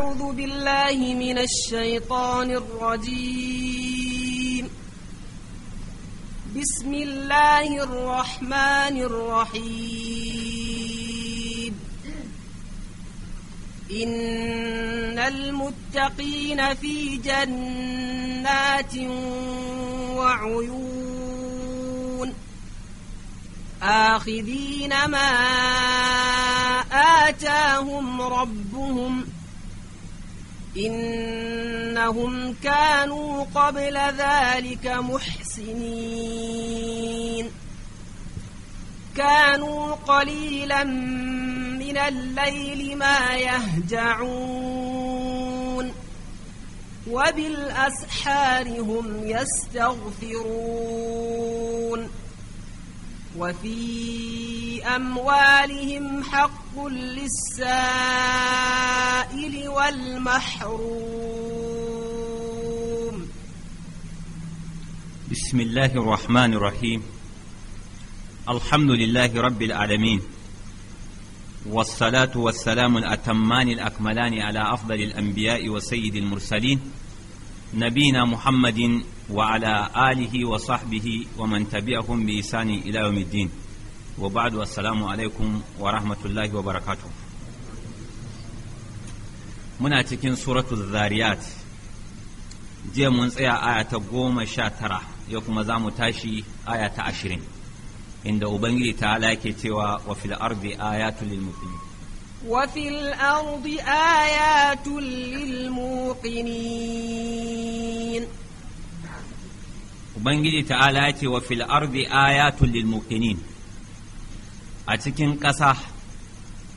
أعوذ بالله من الشيطان الرجيم بسم الله الرحمن الرحيم إن المتقين في جنات وعيون آخذين ما آتاهم ربهم إنهم كانوا قبل ذلك محسنين كانوا قليلا من الليل ما يهجعون وبالأسحار هم يستغفرون وفي أموالهم حق للسائل والمحروم بسم الله الرحمن الرحيم الحمد لله رب العالمين والصلاة والسلام الأتمان الأكملان على أفضل الأنبياء وسيد المرسلين نبينا محمد وعلى آله وصحبه ومن تبعهم بإحسان إلى يوم الدين وبعد والسلام عليكم ورحمة الله وبركاته muna cikin suratu zariyat jiya mun tsaya aya ta goma sha tara yau kuma za mu tashi aya ta ashirin inda ubangiji ta ke cewa wa wa ubangiji ta'ala ya ce wa fil ardi ayatul lil muqinin a cikin ƙasa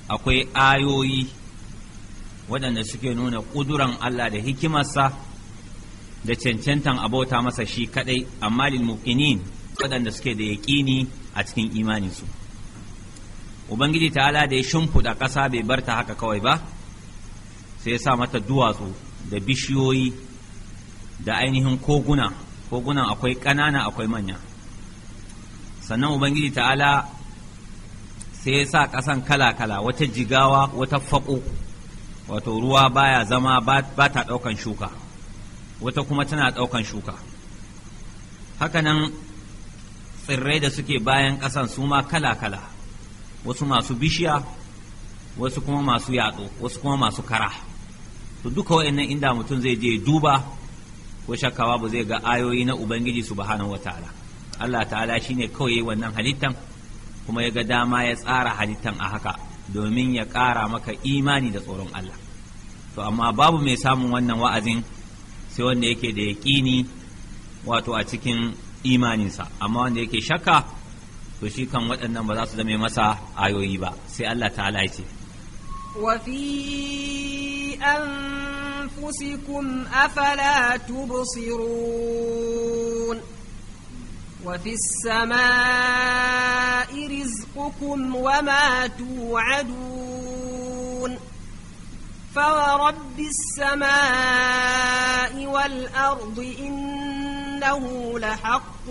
akwai ayoyi waɗanda suke nuna ƙuduran Allah da hikimarsa da cancantan abota masa shi kaɗai amma lil muqinin waɗanda suke da yaƙini a cikin imaninsu ubangiji ta'ala da ya shimfiɗa ƙasa bai bar ta haka kawai ba sai ya sa mata duwatsu da bishiyoyi da ainihin koguna kogunan akwai ƙanana akwai manya sannan ubangiji ta'ala sai ya sa ƙasan kala-kala wata jigawa wata faƙo wato ruwa baya zama ba ta ɗaukan shuka wata kuma tana ɗaukan shuka hakanan tsirrai da suke bayan ƙasan su ma kala-kala wasu masu bishiya wasu kuma masu yaɗo wasu kuma masu kara to duka wa'annan inda mutum zai je duba ko shakka babu zai ga ayoyi na ubangiji subhanahu wataala Allah ta'ala shine kawai wannan halittan kuma ya ga dama ya tsara halittan a haka domin ya ƙara maka imani da tsoron Allah to amma babu mai samun wannan wa'azin sai wanda yake da yaƙini wato a cikin imaninsa amma wanda yake shakka to shi kan waɗannan ba za su zame masa ayoyi ba sai Allah ta'ala ya ce wa أنفسكم أفلا تبصرون وفي السماء رزقكم وما توعدون فورب السماء والأرض إنه لحق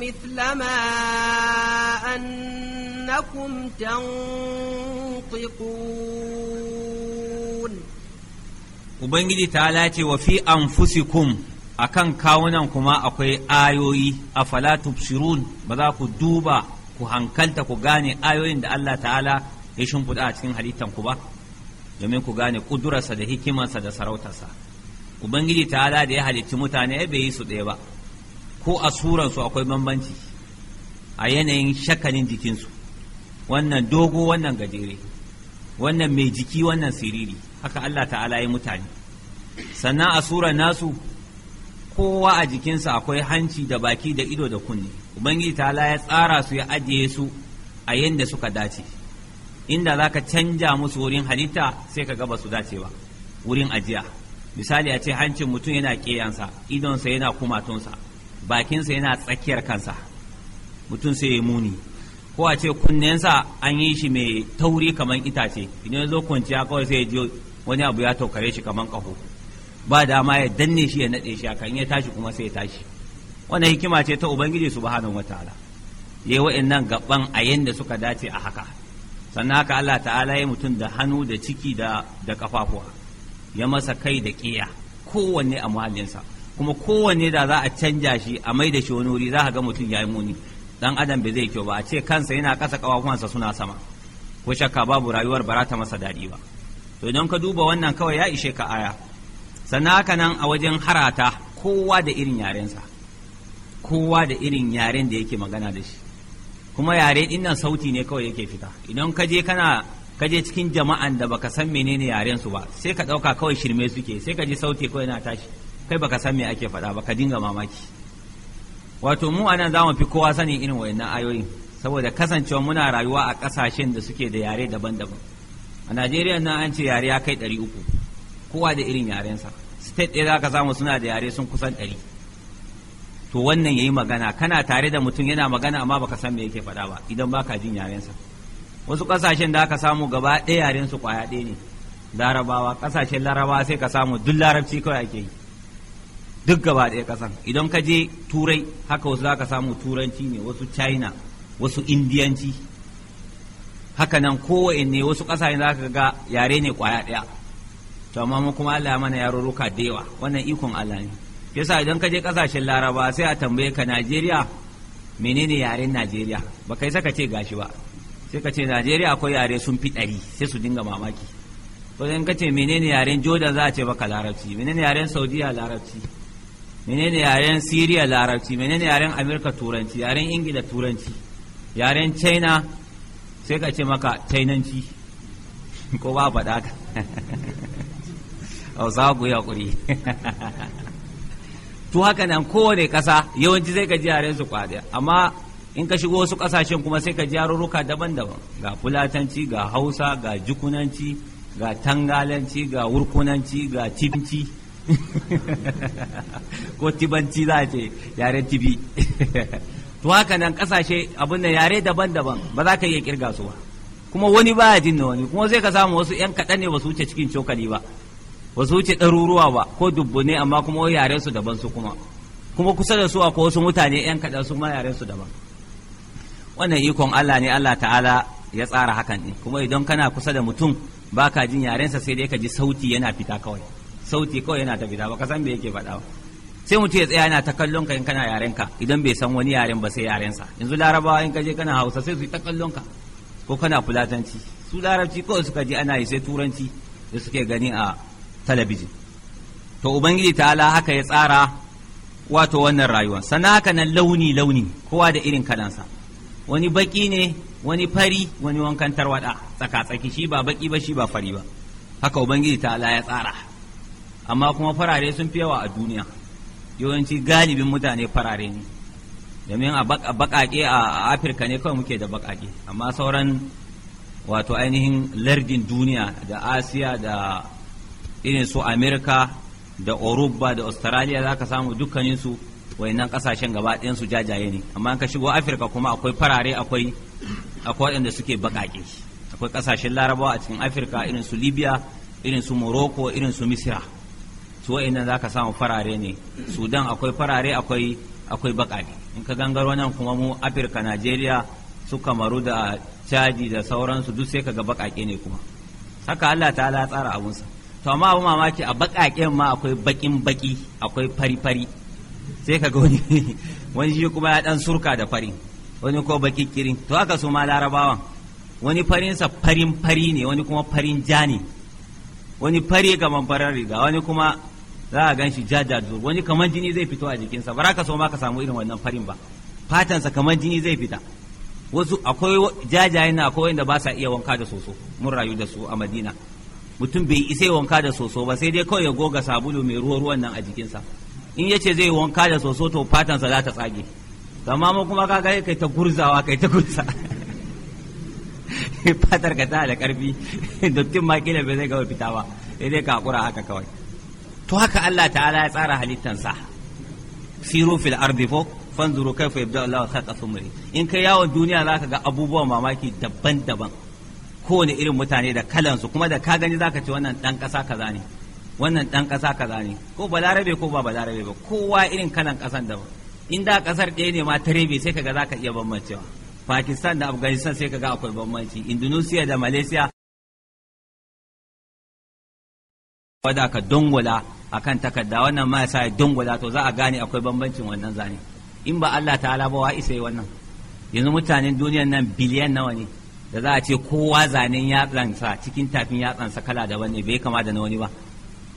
مثل ما أنكم تنطقون ubangiji ta ce wa fi a kan kawunan kuma akwai ayoyi a falatu shirun ba za ku duba ku hankalta ku gane ayoyin da Allah ta'ala ya shimfiɗa a cikin halittan ku ba domin ku gane ƙudurarsa da hikimarsa da sarautarsa ubangiji ta'ala da ya halicci mutane ya bai yi su ɗaya ba ko a suransu akwai bambanci a yanayin shakalin jikinsu wannan dogo wannan gajere wannan mai jiki wannan siriri haka Allah ta'ala ya mutane sannan a sura nasu kowa a jikinsa akwai hanci da baki da ido da kunne ubangiji ta'ala ya tsara su ya ajiye su a yadda suka dace inda za ka canja musu wurin halitta sai ka gaba su dace ba wurin ajiya misali a ce hancin mutum yana ƙeyansa idonsa yana kumatunsa bakinsa yana tsakiyar kansa mutum sai ya muni ko a ce kunnensa an yi shi mai tauri kamar itace idan ya zo kwanciya kawai sai ya wani abu ya taukare shi kaman kaho ba dama ya danne shi ya nade shi akan ya tashi kuma sai ya tashi wannan hikima ce ta ubangiji subhanahu wataala yayi wa'annan gaban a yanda suka dace a haka sannan haka Allah ta'ala ya mutum da hannu da ciki da da kafafuwa ya masa kai da ƙiya kowanne a muhallinsa kuma kowanne da za a canja shi a maida da shi wani wuri za ka ga mutum ya yi muni dan adam bai zai kyau ba a ce kansa yana ƙasa ƙafafuwansa suna sama ko shakka babu rayuwar barata masa daɗi ba to idan ka duba wannan kawai ya ishe ka aya sannan haka nan a wajen harata kowa da irin yarensa kowa da irin yaren da yake magana da shi kuma yare din nan sauti ne kawai yake fita idan ka je kana ka je cikin jama'an da baka san menene yaren su ba sai ka dauka kawai shirme suke sai ka ji sauti kawai na tashi kai baka san me ake faɗa ba ka dinga mamaki wato mu anan za mu fi kowa sani irin wayannan ayoyin saboda kasancewa muna rayuwa a ƙasashen da suke da yare daban-daban a najeriya nan an ce yare ya kai ɗari uku kowa da irin yarensa state ɗaya za ka samu suna da yare sun kusan ɗari to wannan ya yi magana kana tare da mutum yana magana amma ba ka san me yake faɗa ba idan ba ka jin yarensa wasu ƙasashen da aka samu gaba ɗaya yarensu ƙwaya ɗaya ne larabawa ƙasashen larabawa sai ka samu duk larabci kawai ake yi duk gaba ɗaya ƙasan idan ka je turai haka wasu za ka samu turanci ne wasu china wasu indiyanci haka nan kowanne wasu ƙasashen za ka ga yare ne ƙwaya ɗaya to amma mu kuma Allah mana yarurruka da yawa wannan ikon Allah ne yasa idan ka je ƙasashen Laraba sai a tambaye ka Najeriya menene yaren Najeriya ba kai saka ce gashi ba sai ka ce Najeriya akwai yare sun fi ɗari sai su dinga mamaki to idan ka ce menene yaren Jordan za a ce baka larabci menene yaren Saudiya larabci menene yaren Syria larabci menene yaren Amerika turanci yaren Ingila turanci yaren China sai ka ce maka tainanci ko ba faɗa ka hausa ku yi to haka nan kowane kasa yawanci zai ka ji yaren su kwaɗe amma in ka shigo wasu ƙasashen kuma sai ka ji yarurruka daban-daban ga fulatanci ga hausa ga jukunanci ga tangalanci ga wurkunanci ga tibinci ko tibanci za a ce yaren tibi to haka nan kasashe abin nan yare daban-daban ba za ka iya kirga su ba kuma wani baya jin na wani kuma zai ka samu wasu yan kaɗan ne ba su wuce cikin cokali ba ba su wuce ɗaruruwa ba ko dubbune amma kuma yaren su daban su kuma kuma kusa da su a wasu mutane yan kaɗan su ma yaren su daban wannan ikon Allah ne Allah ta'ala ya tsara hakan ne kuma idan kana kusa da mutum baka jin yarensa sai dai ka ji sauti yana fita kawai sauti kawai yana ta fita ba ka san me yake faɗa ba sai mutum ya tsaya yana ta kallon ka in kana yaren ka idan bai san wani yaren ba sai yaren sa yanzu larabawa in ka kana hausa sai su yi ta kallon ka ko kana fulatanci su larabci ko suka je ana yi sai turanci da suke gani a talabijin to ubangiji ala haka ya tsara wato wannan rayuwa sana haka nan launi launi kowa da irin kalansa wani baki ne wani fari wani wankan tarwada tsaka tsaki shi ba baki ba shi ba fari ba haka ubangiji ta'ala ya tsara amma kuma farare sun fi yawa a duniya yawanci galibin mutane farare ne domin a bakake a afirka ne kawai muke da bakake amma sauran wato ainihin lardin duniya da asiya da irin su amerika da oruba da australia za ka samu dukkaninsu wayannan kasashen gaba su jajaye ne amma ka shigo afirka kuma akwai farare akwai akwai waɗanda suke bakake akwai kasashen larabawa a cikin afirka irin su libya irin su morocco irin su misira su za ka samu farare ne sudan akwai farare akwai akwai in ka gangar wannan kuma mu afirka najeriya su kamaru da caji da sauransu duk sai kaga bakake ne kuma haka allah ta ala tsara abunsa to amma abu mamaki a bakaken ma akwai bakin baki akwai fari fari sai kaga wani wani shi kuma ya dan surka da fari wani ko baki kirin to haka su ma larabawan wani farinsa farin fari ne wani kuma farin ja ne wani fari gaban farar riga wani kuma za a gan shi jajajur wani kamar jini zai fito a jikinsa ba ka so ma ka samu irin wannan farin ba fatansa kamar jini zai fita wasu akwai jajayen na akwai wanda ba sa iya wanka da soso mun rayu da su a madina mutum bai isa wanka da soso ba sai dai kawai ya goga sabulu mai ruwa ruwan nan a jikinsa in ya ce zai wanka da soso to fatansa za ta tsage amma mu kuma kaga kai ta gurzawa kai ta gurza fatar ka ta da karfi dattin ma kila bai zai gaba fita ba sai dai ka kura haka kawai to haka Allah ta'ala ya tsara halittansa siru fil ardi fo fanzuru kaifa yabda Allah khalaqa thumma in kai yawon duniya zaka ga abubuwan mamaki daban-daban kowane irin mutane da su kuma da ka gani zaka ce wannan dan kasa kaza ne wannan dan kasa kaza ne ko balarabe ko ba balarabe ba kowa irin kalan kasan daban in da kasar ɗaya ne ma tarebe sai kaga zaka iya bambancewa Pakistan da Afghanistan sai kaga akwai bambanci Indonesia da Malaysia wadda ka dongwala akan takarda wannan ma yasa dungula to za a gane akwai bambancin wannan zane in ba Allah ta'ala ba wa isa wannan yanzu mutanen duniyar nan biliyan nawa ne da za a ce kowa zanen yatsansa cikin tafin yatsansa kala daban ne bai kama da na wani ba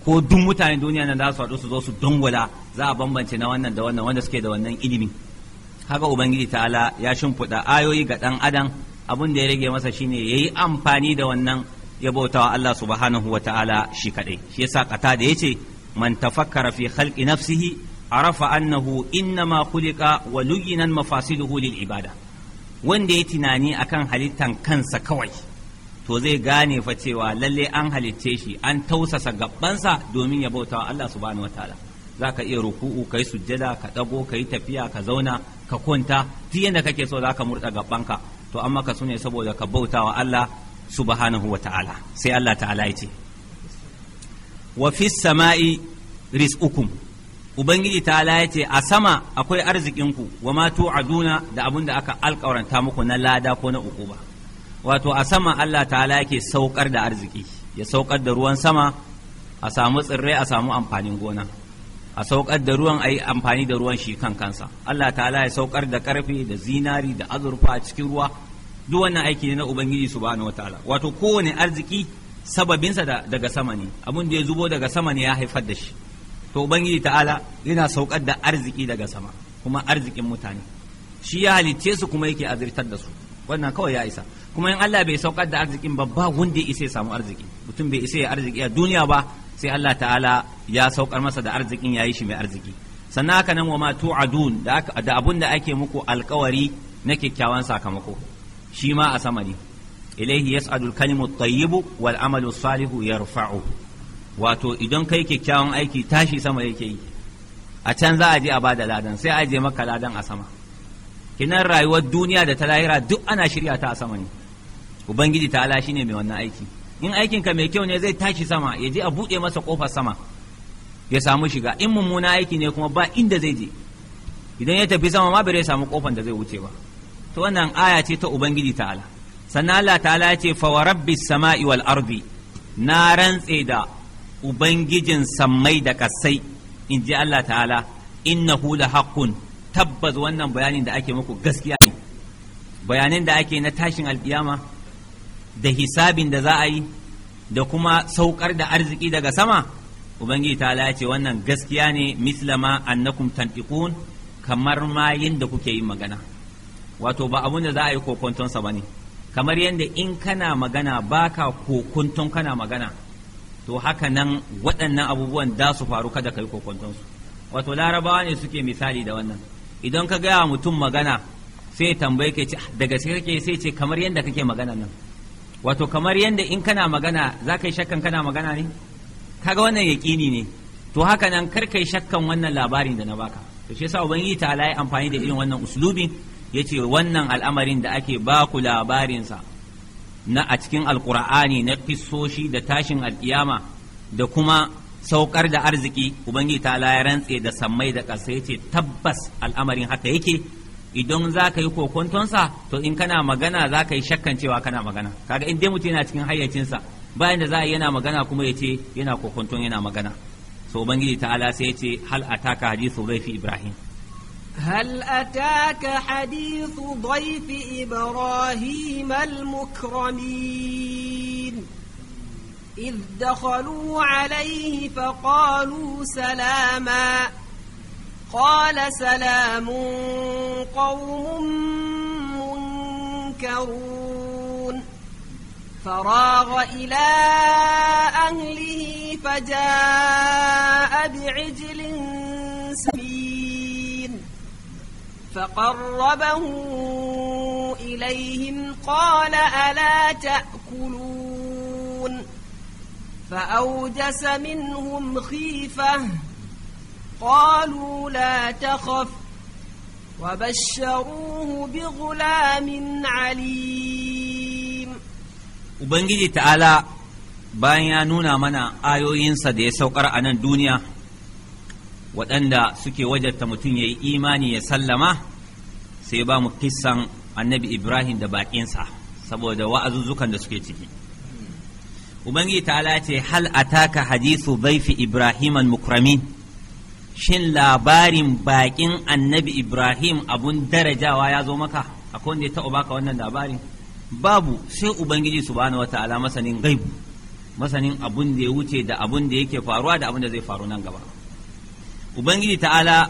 ko duk mutanen duniya nan za su haɗu su zo su dungula za a bambance na wannan da wannan wanda suke da wannan ilimi haka ubangiji ta'ala ya shimfiɗa ayoyi ga ɗan adam abin da ya rage masa shine yayi amfani da wannan ya bautawa Allah subhanahu wa ta'ala shi kaɗai shi yasa kata da ya ce. man tafakkara fi khalqi nafsihi arafa annahu innama khuliqa wa luyyina mafasiluhu lil ibada wanda ya tunani akan halittan kansa kawai to zai gane fa cewa lalle an halicce shi an tausasa gabansa domin ya bauta Allah subhanahu wataala zaka iya ruku'u kai sujjada ka dago kai tafiya ka zauna ka kwanta duk yanda kake so zaka murda gabanka to amma ka sune saboda ka bautawa Allah subhanahu wataala sai Allah ta'ala ya ce wa fi sama'i rizqukum ubangiji ta ya ce a sama akwai arzikinku wa ma tu'aduna da abun da aka alƙawarta muku na lada ko na ukuba wato a sama Allah ta'ala yake saukar da arziki ya saukar da ruwan sama a samu tsirrai a samu amfanin gona a saukar da ruwan a amfani da ruwan shi kan kansa Allah ta'ala ya saukar da karfe da zinari da azurfa a cikin ruwa duk wannan aiki ne na ubangiji subhanahu wataala wato kowane arziki sababinsa daga sama ne abin da ya zubo daga sama ne ya haifar da shi to ubangiji ta'ala yana saukar da arziki daga sama kuma arzikin mutane shi ya halicce su kuma yake azirtar da su wannan kawai ya isa kuma in Allah bai saukar da arzikin babba wanda ya isa ya samu arziki mutum bai isa ya arziki a duniya ba sai Allah ta'ala ya saukar masa da arzikin yayi shi mai arziki sannan haka nan wa ma tu'adun da abun da ake muku alkawari na kyakkyawan sakamako shi ma a sama ne ilaihi yas'adul kalimu tayyibu wal amalu salihu yarfa'u wato idan kai kyakkyawan aiki tashi sama yake yi a can za a je a bada ladan sai a je maka ladan a sama kinan rayuwar duniya da ta lahira duk ana shirya ta a sama ne ubangiji ta ala shine mai wannan aiki in aikin ka mai kyau ne zai tashi sama ya je a buɗe masa kofar sama ya samu shiga in mummuna aiki ne kuma ba inda zai je idan ya tafi sama ma bai samu kofar da zai wuce ba to wannan aya ce ta ubangiji ta'ala sannan Allah ta'ala ce fa wa rabbis sama'i wal ardi na rantse da ubangijin sammai da kasai in ji Allah ta'ala innahu la haqqun tabbas wannan bayanin da ake muku gaskiya ne bayanin da ake na tashin alkiyama da hisabin da za a yi da kuma saukar da arziki daga sama ubangiji ta ya ce wannan gaskiya ne mislama annakum tantiqun kamar ma yadda kuke yin magana wato ba abun da za a yi kokontonsa ba ne kamar yadda in kana magana baka kokuntun kana magana to haka nan waɗannan abubuwan da su faru kada ka yi kokuntunsu wato larabawa ne suke misali da wannan idan ka gaya mutum magana sai tambaye ke ce ah, daga sai kake sai ce kamar yadda kake magana nan wato kamar yadda in kana magana za ka yi shakkan kana magana ne kaga wannan yaƙini ne to haka nan kar ka yi shakkan wannan labarin da na baka to shi yasa ubangiji ta ala amfani da irin wannan uslubi yace wannan al'amarin da ake ba ku labarinsa na a cikin alkur'ani na kissoshi da tashin alkiyama da kuma saukar da arziki ubangiji ta ya rantse da sammai da ƙasa yace tabbas al'amarin haka yake idan za ka yi kokontonsa to in kana magana za ka yi shakkan cewa kana magana kaga in dai mutum yana cikin hayyacinsa bayan da za a yana magana kuma ya ce yana kokonton yana magana so ubangiji ta'ala sai ya ce hal ataka hadithu zaifi ibrahim هل أتاك حديث ضيف إبراهيم المكرمين إذ دخلوا عليه فقالوا سلاما قال سلام قوم منكرون فراغ إلى أهله فجاء بعجل سبيل فقربه إليهم قال ألا تأكلون فأوجس منهم خيفة قالوا لا تخف وبشروه بغلام عليم وبنجي تعالى bayan ya آيوين mana ayoyinsa da ya waɗanda suke wajarta mutum ya yi imani ya sallama sai ba mu kissan annabi ibrahim da baƙinsa saboda wa'azuzzukan da suke ciki ubangiji ta'ala ce hal taka hadisu baifi ibrahim al-mukramin shin labarin baƙin annabi ibrahim abun darajawa ya zo maka akwai wanda ya taɓa baka wannan labarin babu sai ubangiji su bani wata ala masanin gaibu masanin abun da ya wuce da abun da yake faruwa da abun da zai faru nan gaba ubangiji ta'ala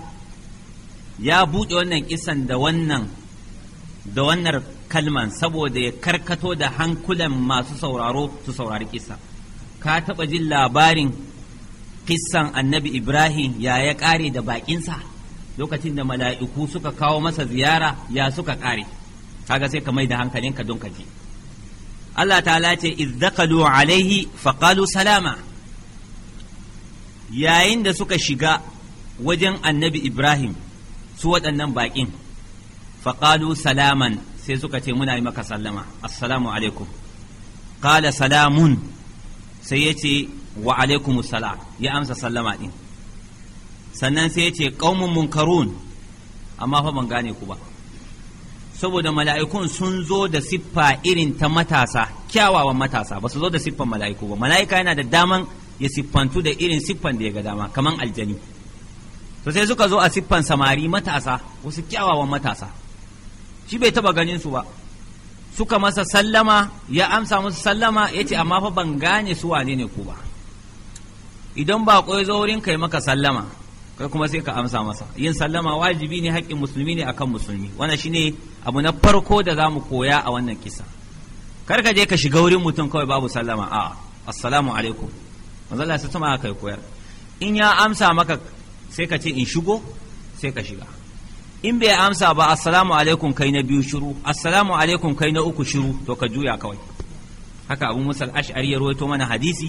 ya buɗe wannan kisan da wannan da wannan kalman saboda ya karkato da hankulan masu sauraro su saurari kisa ka taɓa jin labarin kisan annabi ibrahim ya ya ƙare da baƙinsa lokacin da mala'iku suka kawo masa ziyara ya suka ƙare kaga sai ka mai da hankalinka don ka ji Allah ta'ala ce izdaqalu alaihi faqalu salama yayin da suka shiga wajen annabi ibrahim su waɗannan baƙin faƙalu salaman sai suka ce muna yi maka sallama assalamu alaikum ƙala salamun sai ya ce wa alaikum sala ya amsa sallama ɗin sannan sai ya ce ƙaumin munkarun amma fa ban gane ku ba saboda mala'ikun sun zo da siffa irin ta matasa kyawawan matasa ba su zo da siffan mala'iku ba mala'ika yana da daman ya siffantu da irin siffan da ya ga dama kaman aljani to sai suka zo a siffan samari matasa wasu kyawawan matasa shi bai taba ganin su ba suka masa sallama ya amsa musu sallama ya ce amma fa ban gane su wane ne ku ba idan ba ya zo wurin kai maka sallama kai kuma sai ka amsa masa yin sallama wajibi ne haƙƙin musulmi ne akan musulmi wannan shine abu na farko da za mu koya a wannan kisa kar ka je ka shiga wurin mutum kawai babu sallama a assalamu alaikum manzo Allah sai tuma kai koyar in ya amsa maka sai ka ce in shigo sai ka shiga in bai amsa ba assalamu alaikum kai na biyu shiru assalamu alaikum kai na uku shiru to ka juya kawai haka abu musal ash'ari ya rawaito mana hadisi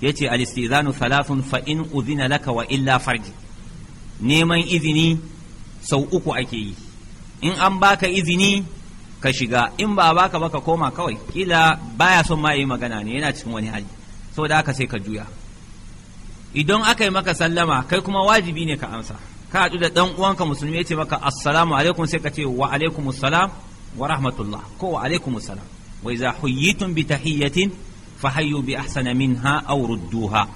yace al-istizanu thalathun fa in udhina laka wa illa farji neman izini sau uku ake yi in an baka izini ka shiga in ba baka ba ka koma kawai kila baya son ma yi magana ne yana cikin wani hali saboda haka sai ka juya idan aka yi maka sallama kai kuma wajibi ne ka amsa ka haɗu da ɗan uwanka musulmi ya ce maka assalamu alaikum sai ka ce wa alaikum assalam wa rahmatullah ko wa alaikum assalam wa idza huyitum bi tahiyyatin fahayyu bi ahsana minha aw rudduha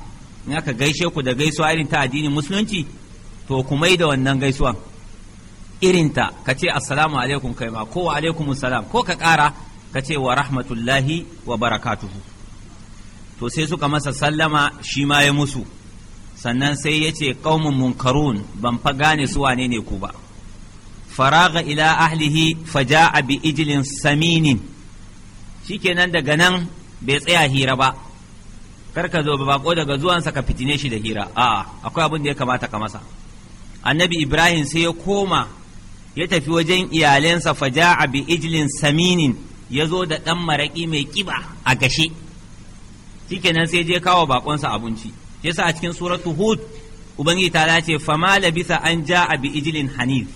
in aka gaishe ku da gaisuwa irin ta addinin musulunci to ku mai da wannan gaisuwan irinta ka ce assalamu alaikum kai ma ko wa alaikum salam ko ka ƙara ka ce wa rahmatullahi wa barakatuhu to sai suka masa sallama shi ma ya musu sannan sai ya ce ƙaumin munkarun ban fa gane su wane ne ku ba faraga ila ahlihi faja a bi ijilin saminin shikenan daga nan bai tsaya hira ba karka zo bako daga zuwansa ka fitine shi da hira a akwai abin da ya kamata ka masa annabi ibrahim sai ya koma ya tafi wajen iyalensa faja a bi ijilin saminin ya zo da ɗan maraƙi mai ƙiba a gashe shikenan sai je kawo bakonsa abinci shi yasa a cikin suratu hud ubangiji ta ce fama labisa an a bi ijlin hanif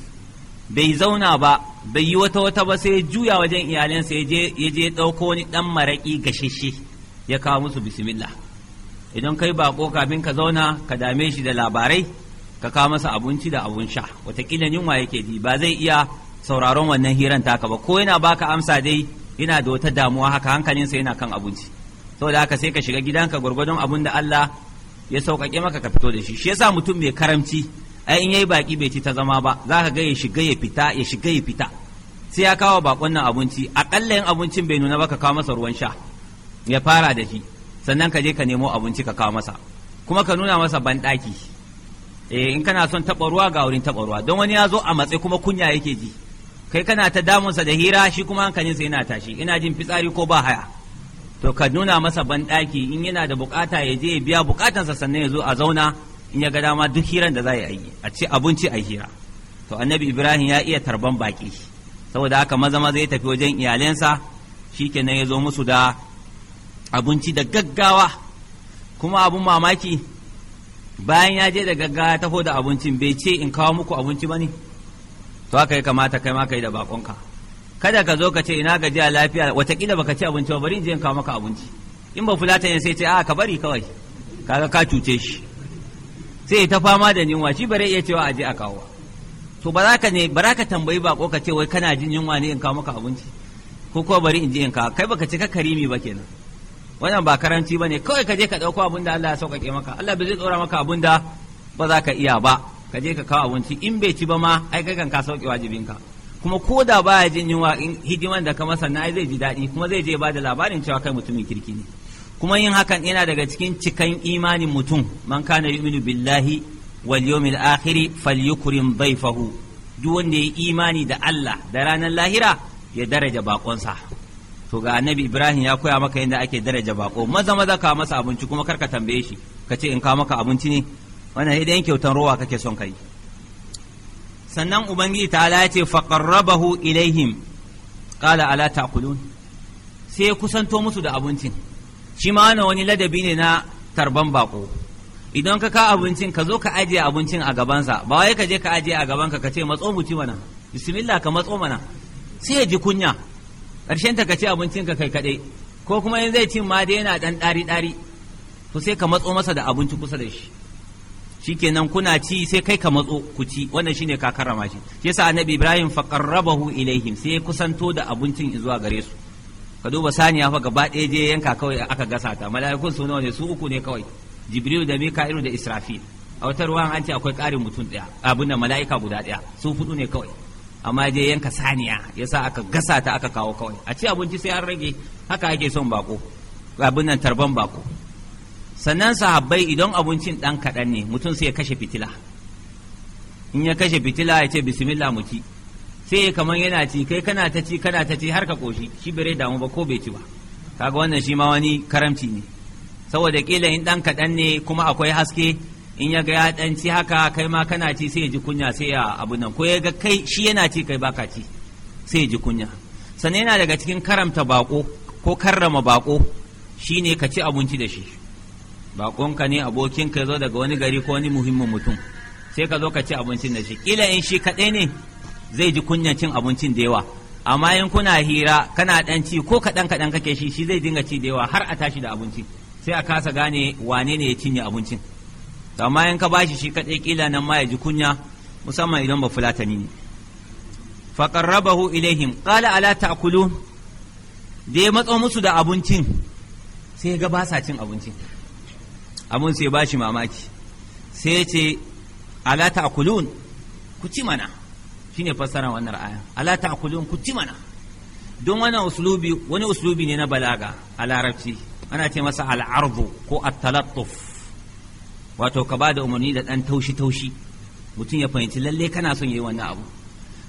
bai zauna ba bai yi wata wata ba sai juya wajen iyalinsa ya je ya je dauko wani dan maraki gasheshe ya kawo musu bismillah idan kai bako kafin ka zauna ka dame shi da labarai ka kawo masa abinci da abun sha watakila yunwa yake ji ba zai iya sauraron wannan hiran taka ba ko yana baka amsa dai yana da wata damuwa haka hankalinsa yana kan abinci saboda haka sai ka shiga gidanka gwargwadon abun da Allah ya sauƙaƙe maka ka fito da shi shi yasa mutum mai karamci ai in yayi baki bai ci ta zama ba za ka ga ya shiga ya fita ya shiga ya fita sai ya kawo bakon nan abinci aƙalla yin abincin bai nuna ba ka kawo masa ruwan sha ya fara da shi sannan ka je ka nemo abinci ka kawo masa kuma ka nuna masa banɗaki eh in kana son taɓa ruwa ga wurin taɓa ruwa don wani ya zo a matsayi kuma kunya yake ji kai kana ta damunsa da hira shi kuma hankalinsa yana tashi ina jin fitsari ko ba haya to ka nuna masa banɗaki in yana da bukata ya je ya biya bukatansa sannan ya zo a zauna in ya ga dama duk hiran da za a yi a ci abinci a hira to annabi ibrahim ya iya tarban baki saboda haka maza maza ya tafi wajen iyalensa shikenan ya zo musu da abinci da gaggawa kuma abun mamaki bayan ya je da gaggawa taho da abincin bai ce in kawo muku abinci ba ne to haka ya kamata kai ma ka da bakonka kada ka zo ka ce ina gajiya lafiya watakila baka ci abinci ba bari in je in kawo maka abinci in ba fulata ne sai ce a ka bari kawai kaga ka cuce shi sai ta fama da yunwa shi bare iya cewa a je a kawo to ba za ka ne ba za ka tambayi ko ka ce wai kana jin yunwa ne in kawo maka abinci ko ko bari in je in kawo kai baka ka karimi ba kenan wannan ba karanci bane kawai ka je ka dauko abin da Allah ya sauƙaƙe maka Allah bai zai tsora maka abin da ba za ka iya ba ka je ka kawo abinci in bai ci ba ma ai kai kan ka sauƙe wajibinka kuma ko da baya jin yunwa hidiman da ka masa na zai ji daɗi kuma zai je ba da labarin cewa kai mutumin kirki ne kuma yin hakan yana daga cikin cikan imanin mutum man kana yu'minu billahi wal yawmil akhir falyukrim dayfahu duk wanda ya imani da Allah da ranar lahira ya daraja bakonsa to ga annabi Ibrahim ya koya maka yadda ake daraja bako maza maza ka masa abinci kuma karka tambaye shi ka ce in ka maka abinci ne wannan idan kyautan rowa kake son kai sannan ubangiji ta'ala yace, ce faqarrabahu ilaihim qala ala ta'kulun sai ya kusanto musu da abincin shi ma wannan wani ladabi ne na tarban bako idan ka ka abincin ka zo ka ajiye abincin a gabansa ba wai ka je ka ajiye a gabanka ka ce matso mu ci mana bismillah ka matso mana sai ya ji kunya ƙarshen ta ka ci abincin ka kai kaɗai ko kuma in zai cin ma dai yana ɗan ɗari ɗari to sai ka matso masa da abinci kusa da shi shikenan kuna ci sai kai ka matso ku ci wannan shine ka karrama shi yasa annabi ibrahim fa qarrabahu ilaihim sai ya kusanto da abincin zuwa gare su ka duba saniya fa gaba ɗaya je yanka kawai aka gasa ta mala'ikun su nawa ne su uku ne kawai jibril da mika'ilu da israfil a wata ruwan an ce akwai ƙarin mutum ɗaya abin da mala'ika guda ɗaya su hudu ne kawai amma je yanka saniya yasa aka gasa ta aka kawo kawai a ci abinci sai an rage haka ake son bako abin nan tarban bako sannan sahabbai idan abincin ɗan kaɗan ne mutum sai ya kashe fitila in ya kashe fitila ya ce bismillah mu ci sai kamar yana ci kai kana ta ci kana ta ci har ka koshi shi bai damu ba ko bai ci ba kaga wannan shi ma wani karamci ne saboda kila in ɗan kaɗan ne kuma akwai haske in ya ga ya ɗan ci haka kai ma kana ci sai ya ji kunya sai ya abu nan ko ya ga kai shi yana ci kai baka ci sai ya ji kunya sannan yana daga cikin karamta bako ko karrama bako shine ka ci abinci da shi baƙonka ne abokinka ya zo daga wani gari ko wani muhimmin mutum sai ka zo ka ci abincin da shi kila in shi kadai ne zai ji kunyan cin abincin da yawa amma in kuna hira kana ɗan ci ko kaɗan kaɗan kake shi shi zai dinga ci da yawa har a tashi da abinci sai a kasa gane wane ne ya cinye abincin amma in ka bashi shi kaɗai kila nan ma ya ji kunya musamman idan ba fulatani ne faƙarrabahu ilaihim ƙala ala ta'kulun da ya matso musu da abincin sai ga ba sa cin abincin abun sai ba shi mamaki sai ya ce ala ta'kulun ku ci mana shine fassara wannan aya ala ta'kulun ku ci mana don wannan wani usulubi ne na balaga a larabci ana ce masa al'arzu ko at-talattuf wato ka ba da umarni da ɗan taushi-taushi mutum ya fahimci lalle kana son yi wannan abu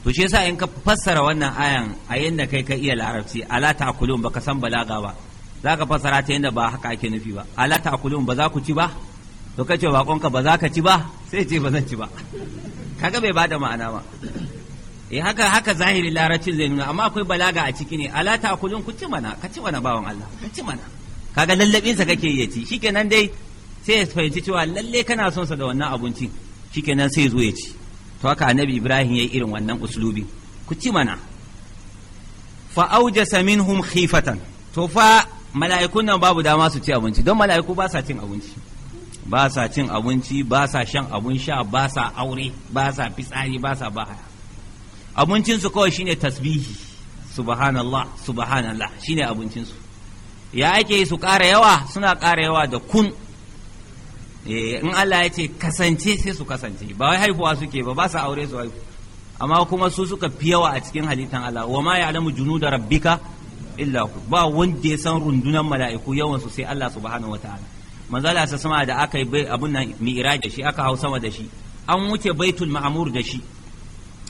to shi yasa in ka fassara wannan ayan a yadda kai ka iya larabci ala ta'kulun baka san balaga ba za ka fasara ta yadda ba haka ake nufi ba alata kulun ba za ku ci ba to kace bakonka ba za ka ci ba sai ce ba zan ci ba kaga bai bada ma'ana ba eh haka haka zahiri larabcin zai nuna amma akwai balaga a ciki ne alata kulun ku ci mana ka ci mana bawan Allah ka ci mana kaga lallabin sa kake yi ci shikenan dai sai ya fahimci cewa lalle kana son sa da wannan abincin shikenan sai zo ya ci to haka annabi Ibrahim yayi irin wannan uslubi ku ci mana fa aujasa minhum khifatan to fa mala'ikun nan babu dama su ci abinci don mala'iku ba sa cin abinci ba sa cin abinci ba sa shan abun sha ba sa aure ba sa fitsari ba sa baya abincinsu kawai shine tasbihi subhanallah subhanallah shine abincinsu ya ake su ƙara yawa suna ƙara yawa da kun eh, in Allah ya ce kasance sai su kasance ba wai haihuwa suke ba ba sa aure su haihu amma kuma su suka fi yawa a cikin halittan Allah wa ma ya'lamu junuda rabbika ku ba wanda ya san rundunar mala'iku yawan su sai Allah subhanahu wataala manzala sa sama da aka yi abun nan mi'raj da shi aka hau sama da shi an wuce baitul ma'mur da shi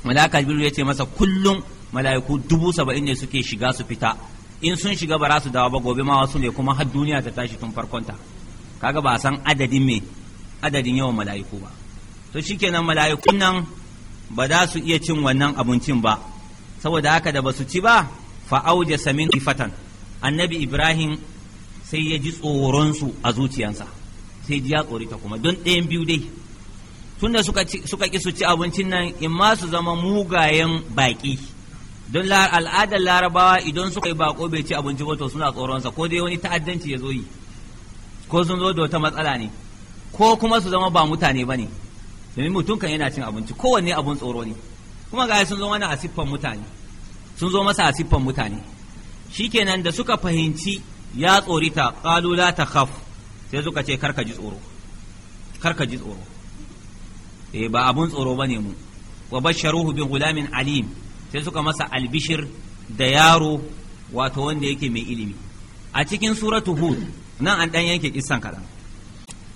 mala'ika jibril ya ce masa kullum mala'iku dubu saba'in ne suke shiga su fita in sun shiga ba za su dawo ba gobe ma wasu ne kuma har duniya ta tashi tun farkonta kaga ba san adadin me adadin yawan mala'iku ba to shikenan mala'ikun nan ba za su iya cin wannan abincin ba saboda haka da ba su ci ba fa aujasa samin fatan annabi ibrahim sai ya ji tsoronsu a zuciyansa sai ji ya tsorita kuma don ɗayan biyu dai tunda suka suka ki su ci abincin nan in ma su zama mugayen baƙi don al'adar larabawa idan suka yi bako bai ci abinci ba to suna tsoronsa ko dai wani ta'addanci ya zo yi ko sun zo da wata matsala ne ko kuma su zama ba mutane ba ne domin mutum kan yana cin abinci kowanne abun tsoro ne kuma ga sun zo wani a siffan mutane sun zo masa a siffan mutane kenan da suka fahimci ya tsorita ƙalula ta takhaf sai suka ce karka ji tsoro karka ji tsoro eh ba abun tsoro ne mu wa basharuhu bi gulamin alim sai suka masa albishir da yaro wato wanda yake mai ilimi a cikin suratu hud nan an dan yanke kisan kaɗan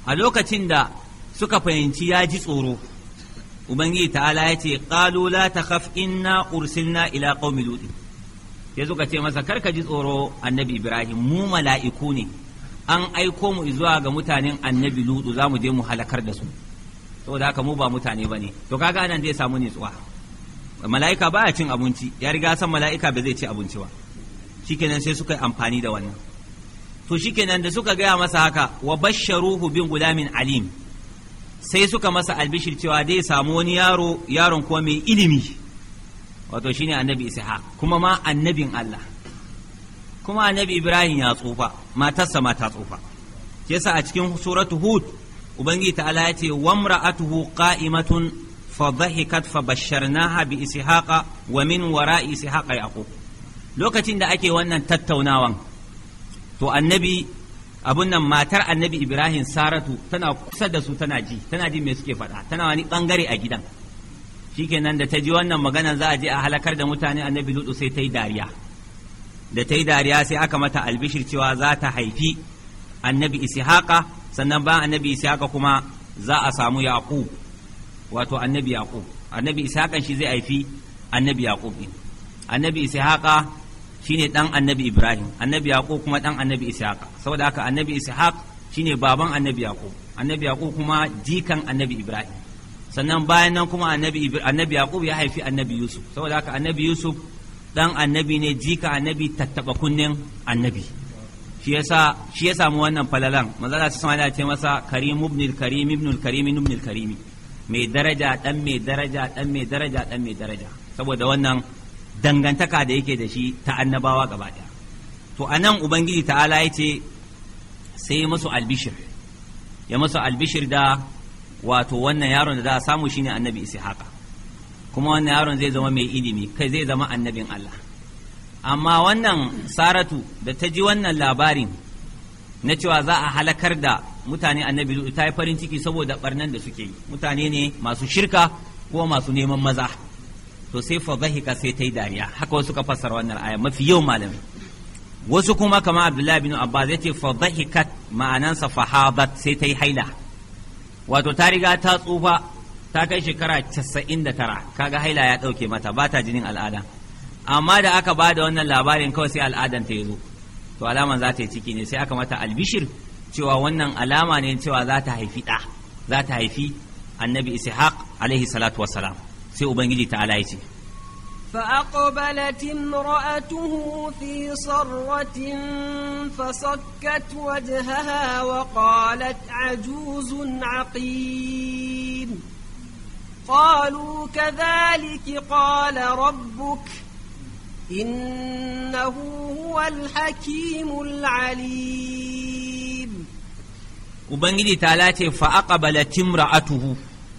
a lokacin da suka fahimci ya ji tsoro ubangiji ta'ala ya ce Ƙalu la inna ursilna ila qaumi lut ya suka ce masa kar ka ji tsoro annabi ibrahim mu mala'iku ne an aiko mu zuwa ga mutanen annabi lutu za mu je mu halakar da su saboda haka mu ba mutane ba ne to kaga nan zai samu tsuwa. mala'ika baya cin abinci ya riga san mala'ika ba zai ci abinci ba shikenan sai suka yi amfani da wannan to shikenan da suka gaya masa haka wa basharuhu bin gulamin alim sai suka masa albishir cewa dai samu wani yaro yaron kuma mai ilimi wato shine annabi ishaq kuma ma annabin Allah kuma annabi ibrahim ya tsufa matarsa ma ta tsufa yasa a cikin suratu hud ubangi ta'ala ya ce wamra'atuhu qa'imatun fa dhahikat fa basharnaha bi ishaqa wa min wara'i ishaqa yaqub lokacin da ake wannan tattaunawan to annabi abun nan matar annabi ibrahim saratu tana kusa da su tana ji tana ji me suke faɗa tana wani ɓangare a gidan shikenan da ta ji wannan magana za a je a halakar da mutane annabi lutu sai ta yi dariya da ta yi dariya sai aka mata albishir cewa za ta haifi annabi ishaqa sannan ba annabi ishaqa kuma za a samu yaqub wato annabi yaqub annabi ishaqan shi zai haifi annabi yaqub din annabi ishaqa shine dan annabi ibrahim annabi yaqub kuma dan annabi ishaqa saboda haka annabi ishaq shine baban annabi yaqub annabi yaqub kuma jikan annabi ibrahim sannan bayan nan kuma annabi annabi yaqub ya haifi annabi yusuf saboda haka annabi yusuf dan annabi ne jika annabi tattaba kunnen annabi shi yasa shi ya samu wannan falalan manzo Allah sallallahu alaihi wasallam ya ce masa karim ibn al-karim ibn al-karim ibn al-karim mai daraja dan mai daraja dan mai daraja dan mai daraja saboda wannan dangantaka da yake da shi ta annabawa gaba ɗaya to a nan ubangiji ta'ala ya ce sai ya masu albishir ya masu albishir da wato wannan yaron da za a samu shine annabi haka kuma wannan yaron zai zama mai ilimi kai zai zama annabin Allah amma wannan saratu da ta ji wannan labarin na cewa za a halakar da mutane annabi ta yi farin ciki saboda ɓarnan da suke yi mutane ne masu shirka ko masu neman maza to sai fa dhahika sai yi dariya haka wasu ka fassara wannan aya mafi yau malami wasu kuma kamar abdullahi bin abbas yace fa dhahikat ma'anansa fa hadat sai tayi haila wato ta riga ta tsufa ta kai shekara casa'in da tara kaga haila ya dauke mata ba ta jinin al'ada amma da aka ba da wannan labarin kawai sai al'adan ta zo to alama za ta yi ciki ne sai aka mata albishir cewa wannan alama ne cewa za ta haifi ɗa za ta haifi annabi ishaq alaihi salatu wassalam سي ubangiji ta'ala ya فأقبلت امرأته في صرة فصكت وجهها وقالت عجوز عقيم قالوا كذلك قال ربك إنه هو الحكيم العليم وبنجي تعالى فأقبلت امرأته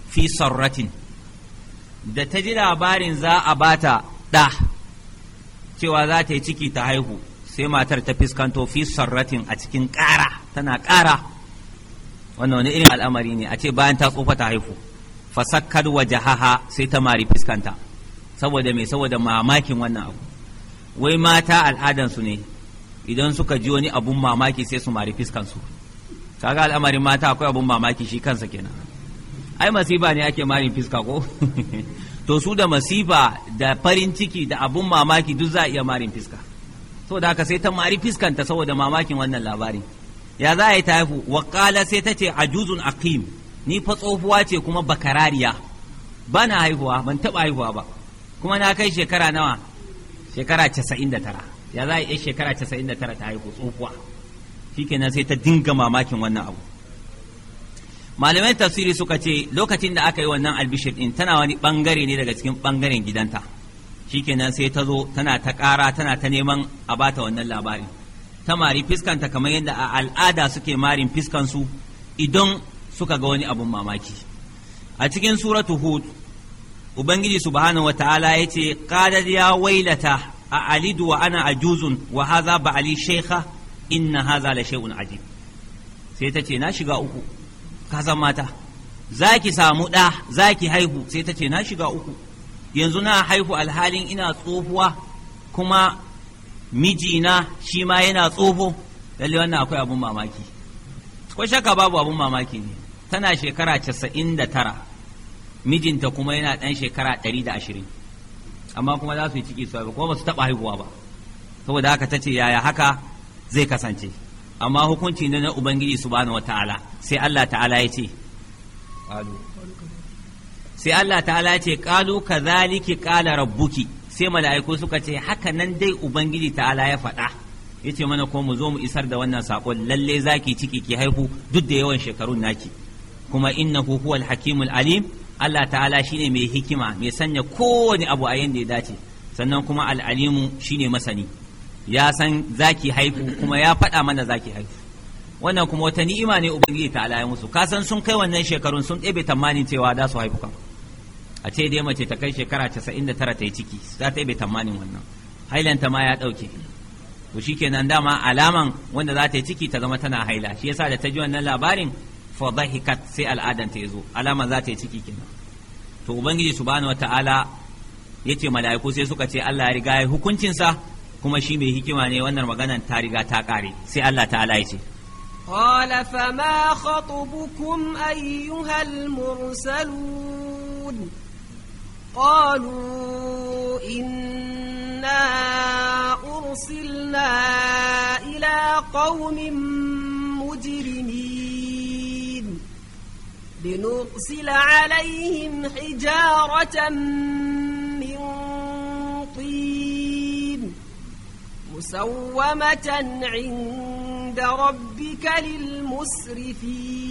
في صرة da ta ji labarin za a bata ɗa cewa za ta yi ciki ta haihu sai matar ta fiskanto fi sarratin a cikin ƙara tana ƙara wannan wani irin al'amari ne a ce bayan ta tsufa ta haihu fasakkar haha sai ta mari fiskanta saboda mai saboda mamakin wannan abu wai mata al'adansu ne idan suka ji wani abun mamaki sai su mari fiskansu kaga al'amarin mata akwai abun mamaki shi kansa kenan ai masifa ne ake marin fiska ko to su da masifa da farin ciki da abun mamaki duk za a iya marin fiska saboda haka sai ta mari fiskanta saboda mamakin wannan labarin ya za a yi ta haifu waƙala sai ta ce ajuzun aqim ni fa tsofuwa ce kuma bakarariya ba na haihuwa ban taba haihuwa ba kuma na kai shekara nawa shekara casa'in da tara ya za a yi shekara casa'in ta haihu tsofuwa shikenan sai ta dinga mamakin wannan abu malamai tafsiri suka ce lokacin da aka yi wannan albishir din tana wani bangare ne daga cikin bangaren gidanta shi shikenan sai ta zo tana ta kara tana ta neman a bata wannan labari ta mari fiskanta kamar yadda a al'ada suke marin fiskansu idan suka ga wani abun mamaki a cikin suratu hud ubangiji subhanahu wataala ya ce qadad ya wailata a alidu wa ana ajuzun wa haza ba ali shaykha inna haza la shay'un ajib sai ta ce na shiga uku ka san mata za ki samu ɗa za ki haihu sai ta ce na shiga uku yanzu na haihu alhalin ina tsohuwa kuma mijina shi ma yana tsoho lalle wannan akwai abun mamaki ko shaka babu abin mamaki ne tana shekara casa'in da tara mijinta kuma yana ɗan shekara ɗari da ashirin amma kuma za su yi ciki su kuma ba su taɓa haihuwa ba saboda haka ta ce yaya haka zai kasance amma hukunci ne na ubangiji subhanahu wataala sai Allah ta'ala ya ce sai Allah ta'ala ce kalu kadhalika qala rabbuki sai mala'iku suka ce haka nan dai ubangiji ta'ala ya faɗa yace mana ko mu zo mu isar da wannan sako lalle zaki ciki ki haihu duk da yawan shekarun naki kuma innahu huwal hakimul alim Allah ta'ala shine mai hikima mai sanya kowane abu a yanda ya dace sannan kuma Al'alimu shine masani ya san zaki haihu kuma ya faɗa mana zaki haihu wannan kuma wata ni'ima ne ubangiji ta alayin musu ka san sun kai wannan shekarun sun ɗebe tamanin cewa za su haihu kan a ce dai mace ta kai shekara casa'in da tara ta yi ciki za ta ɗebe tamanin wannan hailanta ma ya ɗauke to shikenan dama alaman wanda za ta yi ciki ta zama tana haila shi yasa da ta ji wannan labarin fa sai al'adan ta yazo alaman za ta yi ciki kenan to ubangiji subhanahu wataala yace mala'iku sai suka ce Allah ya riga ya hukuncin sa kuma shi mai hikima ne wannan maganan ta riga ta ƙare sai Allah ta'ala ya ce Qala fa ma khatubukum ayyuhal mursalun Qalu inna ursilna ila qaumin mujrimin linursila alaihim hijaratan مسومة عند ربك للمسرفين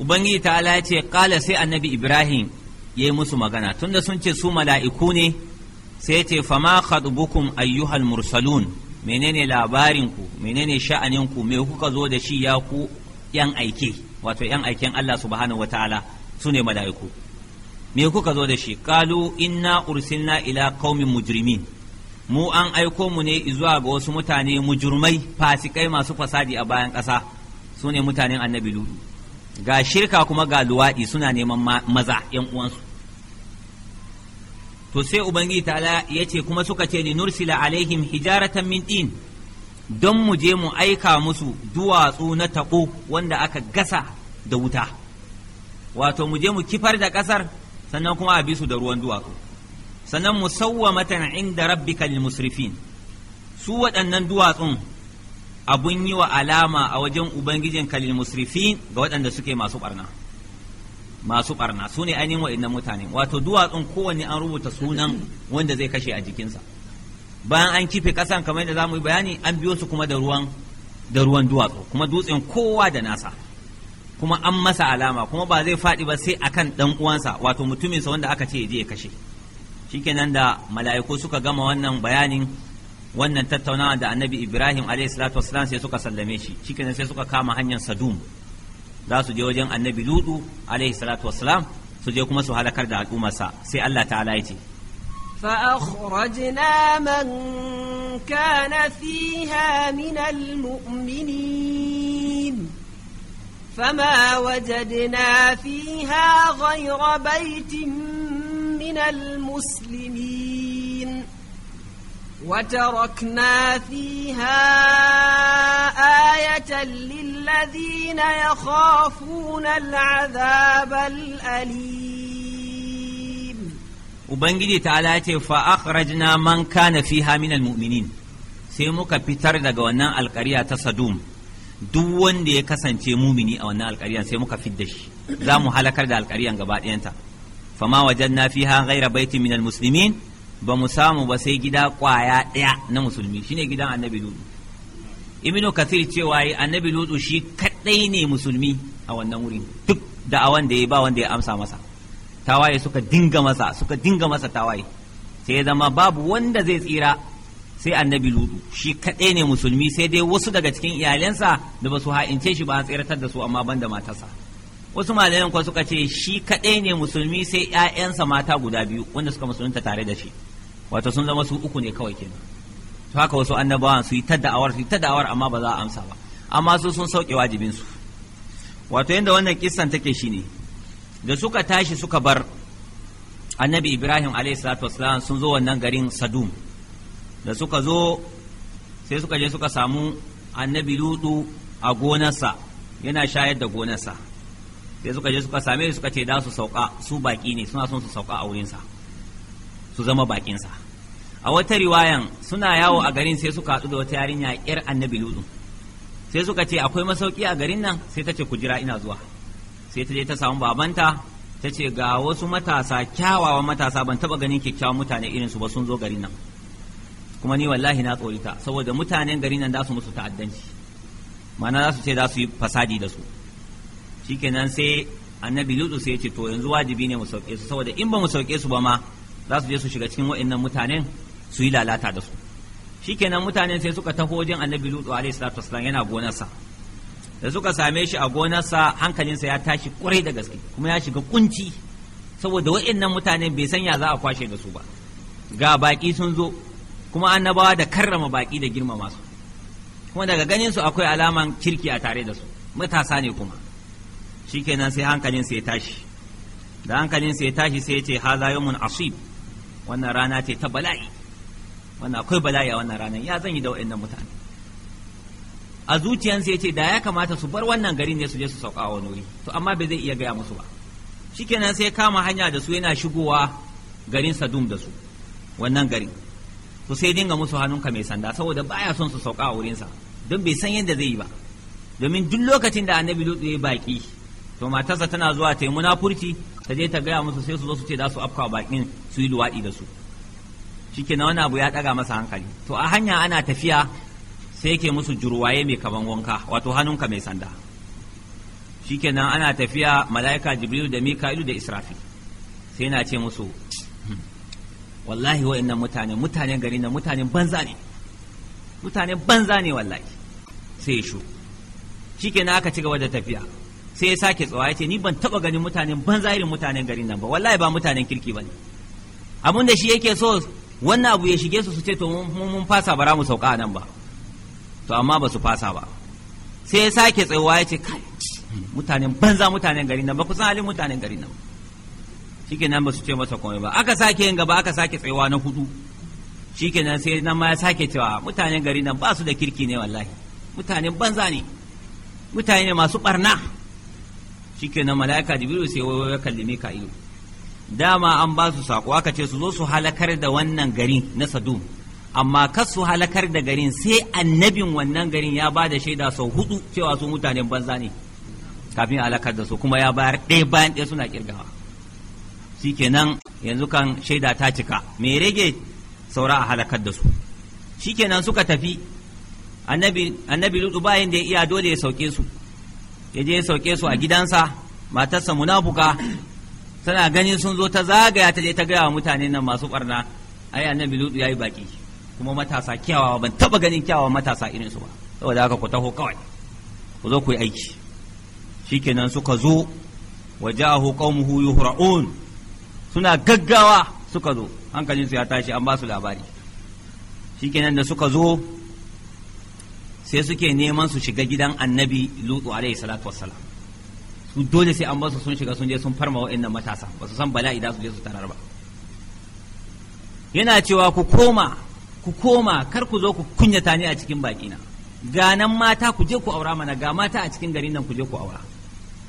Ubangiji ta'ala ce ƙala sai annabi Ibrahim ya yi musu magana tunda sun ce su mala'iku ne sai ce fama ayyuhal mursalun menene labarinku menene sha'aninku me kuka zo da shi ya ku yan aike wato yan aiken Allah subhanahu wataala su ne mala'iku me kuka zo da shi qalu inna ursilna ila qaumin mujrimin mu an aiko mu ne zuwa ga wasu mutane mujurmai fasikai masu fasadi a bayan ƙasa su ne mutanen annabi ludu ga shirka kuma ga luwaɗi suna neman maza yan uwansu to sai ubangiji ta'ala ya ce kuma suka ce ni nursila alaihim hijaratan min din don mu je mu aika musu duwatsu na taƙo wanda aka gasa da wuta wato mu je mu kifar da ƙasar sannan kuma a bi su da ruwan duwatsu sannan musawwamatan inda rabbika lil musrifin su waɗannan duwatsun abun yi wa alama a wajen ubangijin kalil musrifin ga waɗanda suke masu barna masu ɓarna su ne ainihin waɗannan mutane wato duwatsun kowanne an rubuta sunan wanda zai kashe a jikinsa bayan an kife ƙasan kamar yadda za mu yi bayani an biyo su kuma da ruwan da ruwan duwatsu kuma dutsen kowa da nasa kuma an masa alama kuma ba zai faɗi ba sai akan ɗan uwansa wato mutuminsa wanda aka ce ya je ya kashe shikenan da mala'iku suka gama wannan bayanin wannan tattaunawa da annabi ibrahim alayhi salatu sai suka sallame shi shikenan sai suka kama hanyar sadum za su je wajen annabi ludu alayhi salatu su je kuma su halakar da al'ummarsa sai allah ta'ala ya ce فأخرجنا من كان فيها من المؤمنين فما وجدنا فيها غير بيت من المسلمين وتركنا فيها آية للذين يخافون العذاب الأليم وبنجي تعالى فأخرجنا من كان فيها من المؤمنين sai muka fitar daga wannan ta sadum duk wanda ya kasance mumini a wannan alkariyan sai muka fidda shi za mu halakar da alkariyan gaba ɗayanta fama wajanna fiha ghaira baitin minal muslimin ba mu samu ba sai gida kwaya ɗaya na musulmi shine gidan annabi lutu ibnu kathir cewa annabi Ludu shi kadai ne musulmi a wannan wurin duk da'awan da ya ba wanda ya amsa masa tawaye suka dinga masa suka dinga masa tawaye sai ya zama babu wanda zai tsira sai annabi Ludu shi kadai ne musulmi sai dai wasu daga cikin iyalansa da ba su ha'ince shi ba a tsiratar da su amma banda matarsa wasu malayan kuwa suka ce shi kaɗai ne musulmi sai ‘ya'yansa mata guda biyu wanda suka musulunta tare da shi wato sun zama su uku ne kawai kenan to haka wasu annabawan su yi ta da'awar su yi ta da'awar amma ba za a amsa ba amma su sun sauke wajibinsu wato yadda wannan kissan take shi ne da suka tashi suka bar annabi ibrahim wasalam sun zo wannan garin sadum da suka zo sai suka je suka samu annabi ludu a gonarsa yana shayar da gonarsa sai suka je suka same suka ce da su sauka su baki ne suna son su sauka a wurinsa su zama bakinsa a wata riwayan suna yawo a garin sai suka haɗu da wata yarinya yar annabi lutu sai suka ce akwai masauki a garin nan sai ta ce ku jira ina zuwa sai ta je ta samu babanta ta ce ga wasu matasa kyawawan matasa ban taba ganin kyakkyawan mutane irin su ba sun zo garin nan kuma ni wallahi na tsorita saboda mutanen garin nan za su musu ta'addanci ma'ana za su ce za su yi fasadi da su shikenan sai annabi lutu sai ya ce to yanzu wajibi ne mu sauke su saboda in ba mu sauke su ba ma za su je su shiga cikin wa'annan mutanen su yi lalata da su shikenan mutanen sai suka taho wajen annabi lutu alayhi salatu wasalam yana gonarsa da suka same shi a gonarsa hankalinsa ya tashi kwarai da gaske kuma ya shiga kunci saboda wa'annan mutanen bai san ya za a kwashe da su ba ga baki sun zo kuma annabawa da karrama baki da girmama su kuma daga ganin su akwai alaman kirki a tare da su matasa ne kuma shikenan sai hankalin sai tashi da hankalin sai tashi sai ce haza yawmun asib wannan rana ce ta bala'i wannan akwai bala'i a wannan ranar ya zan yi da waɗannan mutane a zuciyan sai ce da ya kamata su bar wannan gari ne su je su sauka a wani to amma bai zai iya gaya musu ba shikenan sai kama hanya da su yana shigowa garin sadum da su wannan gari to sai dinga musu hannunka mai sanda saboda baya son su sauka a wurinsa don bai san yadda zai yi ba domin duk lokacin da annabi lutsu ya baki to matarsa tana zuwa ta yi munafurci ta je ta gaya musu sai su zo su ce za su afka bakin su yi luwaɗi da su shi na wani abu ya ɗaga masa hankali to a hanya ana tafiya sai ke musu juruwaye mai kaman wanka wato hannunka mai sanda shike nan ana tafiya mala'ika jibril da mika'ilu da israfi sai na ce musu hmm, wallahi wa'annan mutane mutane gari na mutane banza ne mutane banza ne wallahi sai ya shu shike na aka ci gaba da tafiya sai ya sake tsawa ya ce ni ban taba ganin mutanen ban irin mutanen garin nan ba wallahi ba mutanen kirki ba ne abun da shi yake so wannan abu ya shige su su ce to mun fasa ba mu sauka nan ba to amma ba su fasa ba sai ya sake tsawa ya ce kai mutanen banza mutanen garin nan ba kusan halin mutanen garin nan shikenan ba su ce masa komai ba aka sake yin gaba aka sake tsayawa na hudu shikenan sai nan ma ya sake cewa mutanen garin nan ba su da kirki ne wallahi mutanen banza ne mutane masu barna shikenan mala'ika jibril sai wayo ya kalli mika'ilu dama an ba su sako aka ce su zo su halakar da wannan gari na sadum amma kas su halakar da garin sai annabin wannan garin ya ba da shaida sau hudu cewa su mutanen banza ne kafin halakar da su kuma ya bayar ɗaya bayan ɗaya suna kirgawa shikenan yanzu kan shaida ta cika mai rage saura a halakar da su shikenan suka tafi annabi annabi bayan da ya iya dole ya sauke su ya je ya sauke su a gidansa matarsa munafuka tana ganin sun zo ta zagaya ta je ta gaya wa mutane nan masu barna ai annabi lutu yayi baki kuma matasa kyawawa ban taba ganin kyawawa matasa irin su ba saboda haka ku taho kawai ku zo ku yi aiki shikenan suka zo wa qaumuhu yuhra'un suna gaggawa suka zo su ya tashi an ba su labari shikenan da suka zo sai suke neman su shiga gidan annabi lutu alaihi salatu wassalam su dole sai an basu sun shiga sun je sun farma wa'annan matasa ba su san Bala da su je su tarar ba yana cewa ku koma ku koma kar ku zo ku kunyata ni a cikin bakina ga nan mata ku je ku aura mana ga mata a cikin garin nan ku je ku aura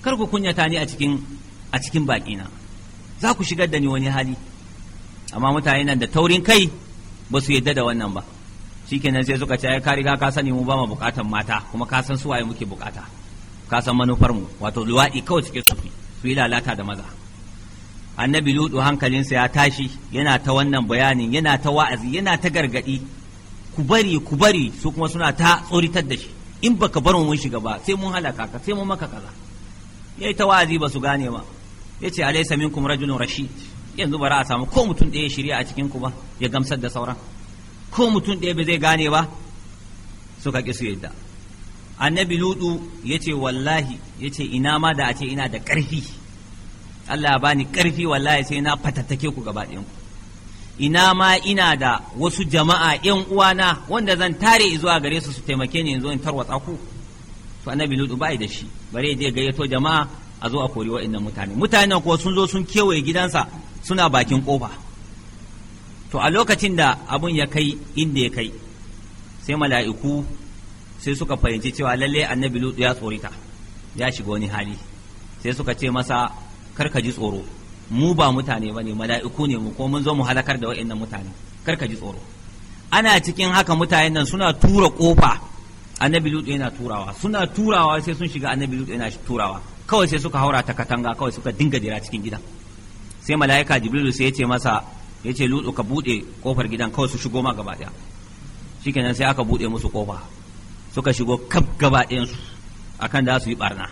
kar ku kunyata ni a cikin a cikin bakina za ku shigar da ni wani hali amma mutane nan da taurin kai ba su yadda da wannan ba shikenan sai suka ce ai ka riga ka sani mu ba mu bukatan mata kuma ka san su waye muke bukata ka san manufar mu wato luwadi kawai suke su su yi lalata da maza annabi ludu hankalinsa ya tashi yana ta wannan bayanin yana ta wa'azi yana ta gargadi ku bari ku bari su kuma suna ta tsoritar da shi in baka bar mun shiga ba sai mun halaka ka sai mun maka kaza yayi ta wa'azi ba su gane ba yace alaysa minkum rajulun rashid yanzu bara a samu ko mutum ɗaya shirya a cikin ku ba ya gamsar da sauran ko mutum ɗaya ba zai gane ba suka ƙi su yadda annabi ludu ya ce wallahi ya ce ina ma da a ce ina da ƙarfi Allah ba ni ƙarfi wallahi sai na fatattake ku gaba ku ina ma ina da wasu jama'a ƴan uwana wanda zan tare zuwa gare su su taimake ni yanzu in tarwatsa ku to annabi Luɗu ba da shi bare je gayyato jama'a a zo a kori wa'annan mutane mutanen kuwa sun zo sun kewaye gidansa suna bakin ƙofa. to a lokacin da abun ya kai inda ya kai sai mala'iku sai suka fahimci cewa lalle annabi lutu ya tsorita ya shiga wani hali sai suka ce masa karka ji tsoro mu ba mutane ba ne mala'iku ne mu ko mun zo mu halakar da wa'in mutane karka ji tsoro ana cikin haka mutanen nan suna tura kofa annabi lutu yana turawa suna turawa sai sun shiga annabi lutu yana turawa kawai sai suka haura ta katanga kawai suka dinga jira cikin gidan sai mala'ika jibrilu sai ya ce masa ya ce lutsu ka buɗe kofar gidan kawai su shigo ma gaba ɗaya kenan sai aka buɗe musu kofa suka shigo kaf gaba ɗayansu akan da su yi barna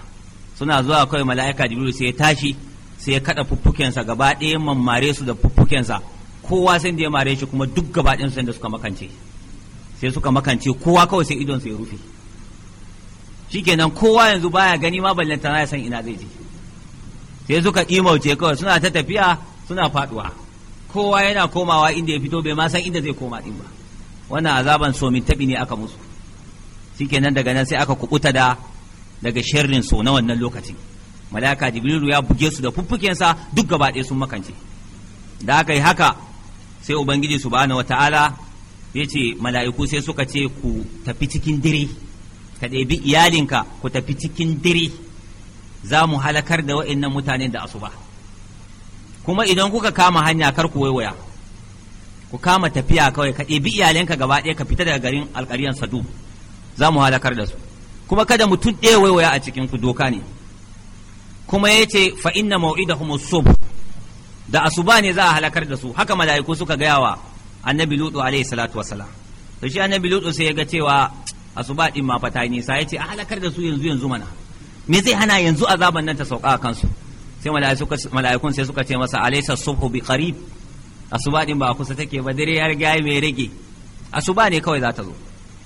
suna zuwa kawai mala'ika jibril sai ya tashi sai ya kada fuffukensa gaba ɗayan mammare su da fuffukensa kowa sai da ya mare shi kuma duk gaba ɗayan su da suka makance sai suka makance kowa kawai sai idon sai ya rufe shikenan kowa yanzu baya gani ma ballantana ya san ina zai je sai suka imauce kawai suna ta tafiya suna faduwa kowa yana komawa inda ya fito bai ma san inda zai koma din ba wannan azaban somin tabi ne aka musu shikenan daga nan sai aka kubuta da daga sharrin so na wannan lokacin malaka jibrilu ya buge su da fuffukensa duk gaba ɗaya sun makance da aka yi haka sai ubangiji subhanahu wataala ya ce mala'iku sai suka ce ku tafi cikin dire ka ɗebi iyalinka ku tafi cikin dire za mu halakar da wa'annan mutanen da asuba kuma idan kuka kama hanya kar ku waiwaya ku kama tafiya kawai ka ɗebi iyalanka gaba ɗaya ka fita daga garin alƙaryan sadu za mu halakar da su kuma kada mutum ɗaya waiwaya a cikin ku doka ne kuma ya ce fa inna mau'idahum sub da asuba ne za a halakar da su haka mala'iku suka gaya wa annabi lutu alayhi salatu wasalam to shi annabi lutu sai ya ga cewa asuba din ma fata nisa ya ce a halakar da su yanzu yanzu mana me zai hana yanzu azaban nan ta sauka a kansu sai mala'ikun sai suka ce masa alaysa subhu bi qarib asuba din ba kusa take ba dare ya riga mai rage asuba ne kawai za ta zo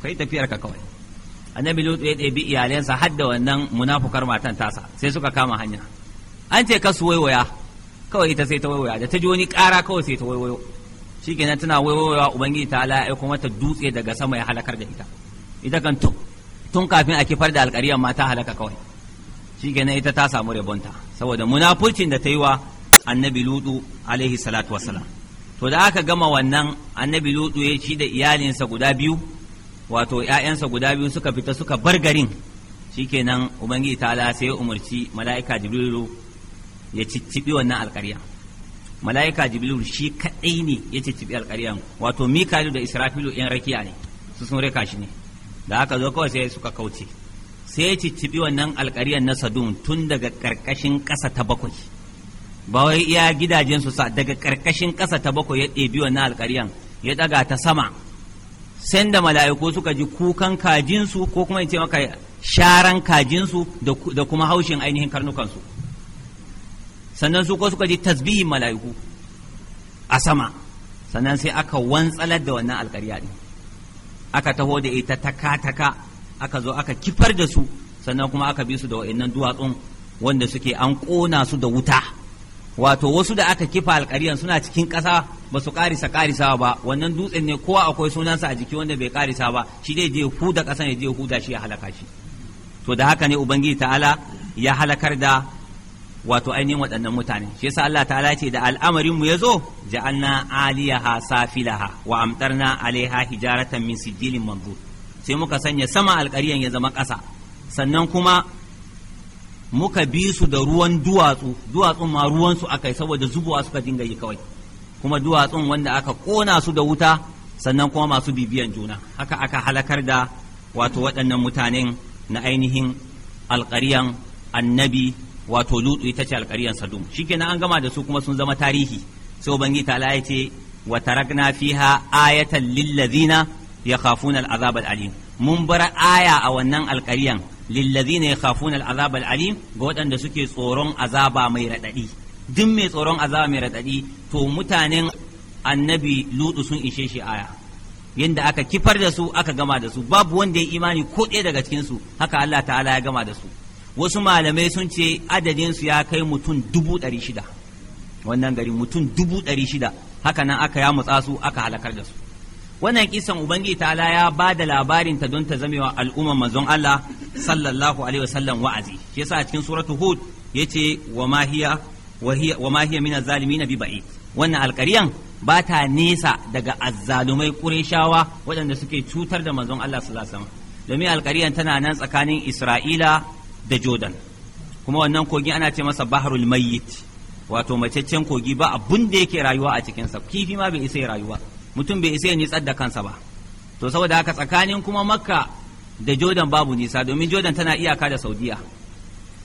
kai tafiyar ka kawai annabi lutu ya ɗebi iyalansa har da wannan munafukar matan tasa sai suka kama hanya an ce kasu waiwaya kawai ita sai ta waiwaya da ta ji wani ƙara kawai sai ta waiwayo shikenan tana waiwayowa ubangiji ta ala kuma ta dutse daga sama ya halakar da ita ita kan tun kafin a kifar da alƙariyar ma ta halaka kawai shikenan ita ta samu rabonta saboda munafurcin da ta yi wa annabi ludu alaihi salatu wasalam to da aka gama wannan annabi ludu ya shi da iyalinsa guda biyu wato ‘ya'yansa guda biyu suka fita suka bar garin Shi nan ubangiji ta sai ya umarci mala'ika jibrilu ya cicciɓi wannan alƙarya mala'ika jibrilu shi kaɗai ne ya cicciɓi alƙaryan wato mikalu da israfilu ‘yan rakiya ne su sun rika shi ne da aka zo kawai sai suka kauce sai ya ciccibi wannan alƙariyar na sadun tun daga ƙarƙashin ƙasa ta bakwai ba wai iya gidajensu sa daga ƙarƙashin ƙasa ta bakwai ya ɗebi wannan alƙariyar ya ɗaga ta sama sai da mala'iku suka ji kukan kajinsu ko kuma in ce maka sharan kajinsu da kuma haushin ainihin karnukansu sannan su ko suka ji tasbihin mala'iku a sama sannan sai aka wantsalar da wannan alƙarya ɗin aka taho da ita taka-taka aka zo aka kifar da su sannan kuma aka bi su da wa'annan duwatsun wanda suke an ƙona su da wuta wato wasu da aka kifa alƙariyan suna cikin ƙasa ba su ƙarisa ƙarisa ba wannan dutsen ne kowa akwai sunansa a jiki wanda bai ƙarisa ba shi dai je huda ƙasan ya je huda shi ya halaka shi to da haka ne ubangiji ta'ala ya halakar da wato ainihin waɗannan mutane shi yasa Allah ta'ala ce da al'amarin mu yazo ja'alna aliyaha safilaha wa amtarna alaiha hijaratan min sijilin manzur sai muka sanya sama alƙaryan ya zama ƙasa sannan kuma muka bi su da ruwan duwatsu duwatsun ma ruwansu aka yi saboda zubowa suka dinga yi kawai kuma duwatsun wanda aka ƙona su da wuta sannan kuma masu bibiyan juna haka aka halakar da wato waɗannan mutanen na ainihin alƙaryan annabi wato lutu ita ce alƙaryan sadum shikenan an gama da su kuma sun zama tarihi sai ubangi ta ya ce wa tarakna fiha ayatan lillazina yakhafuna al'azab al'alim mun bar aya a wannan alƙaryan lillazina yakhafuna al'azab Ali ga waɗanda suke tsoron azaba mai raɗaɗi duk mai tsoron azaba mai raɗaɗi to mutanen annabi luɗu sun ishe shi aya yadda aka kifar da su aka gama da su babu wanda ya yi imani ko ɗaya daga cikinsu haka Allah ta'ala ya gama da su wasu malamai sun ce adadinsu ya kai mutum dubu ɗari shida wannan gari mutum dubu ɗari shida haka nan aka yamutsa su aka halakar da su wannan kisan ubangiji ta'ala ya ba da labarin ta don ta zamewa al'umma manzon Allah sallallahu alaihi wasallam wa'azi shi yasa a cikin suratu hud yace wa ma hiya wa ma hiya min bi ba'i wannan alƙaryan ba ta nesa daga azzalumai ƙureshawa waɗanda suke cutar da manzon Allah sallallahu alaihi wasallam domin alƙaryan tana nan tsakanin Isra'ila da Jordan kuma wannan kogin ana ce masa Bahrul Mayyit wato macaccen kogi ba abun da yake rayuwa a cikinsa kifi ma bai isa rayuwa mutum bai isa ya nitsar da kansa ba to saboda haka tsakanin kuma makka da jordan babu nisa domin jordan tana iyaka da saudiya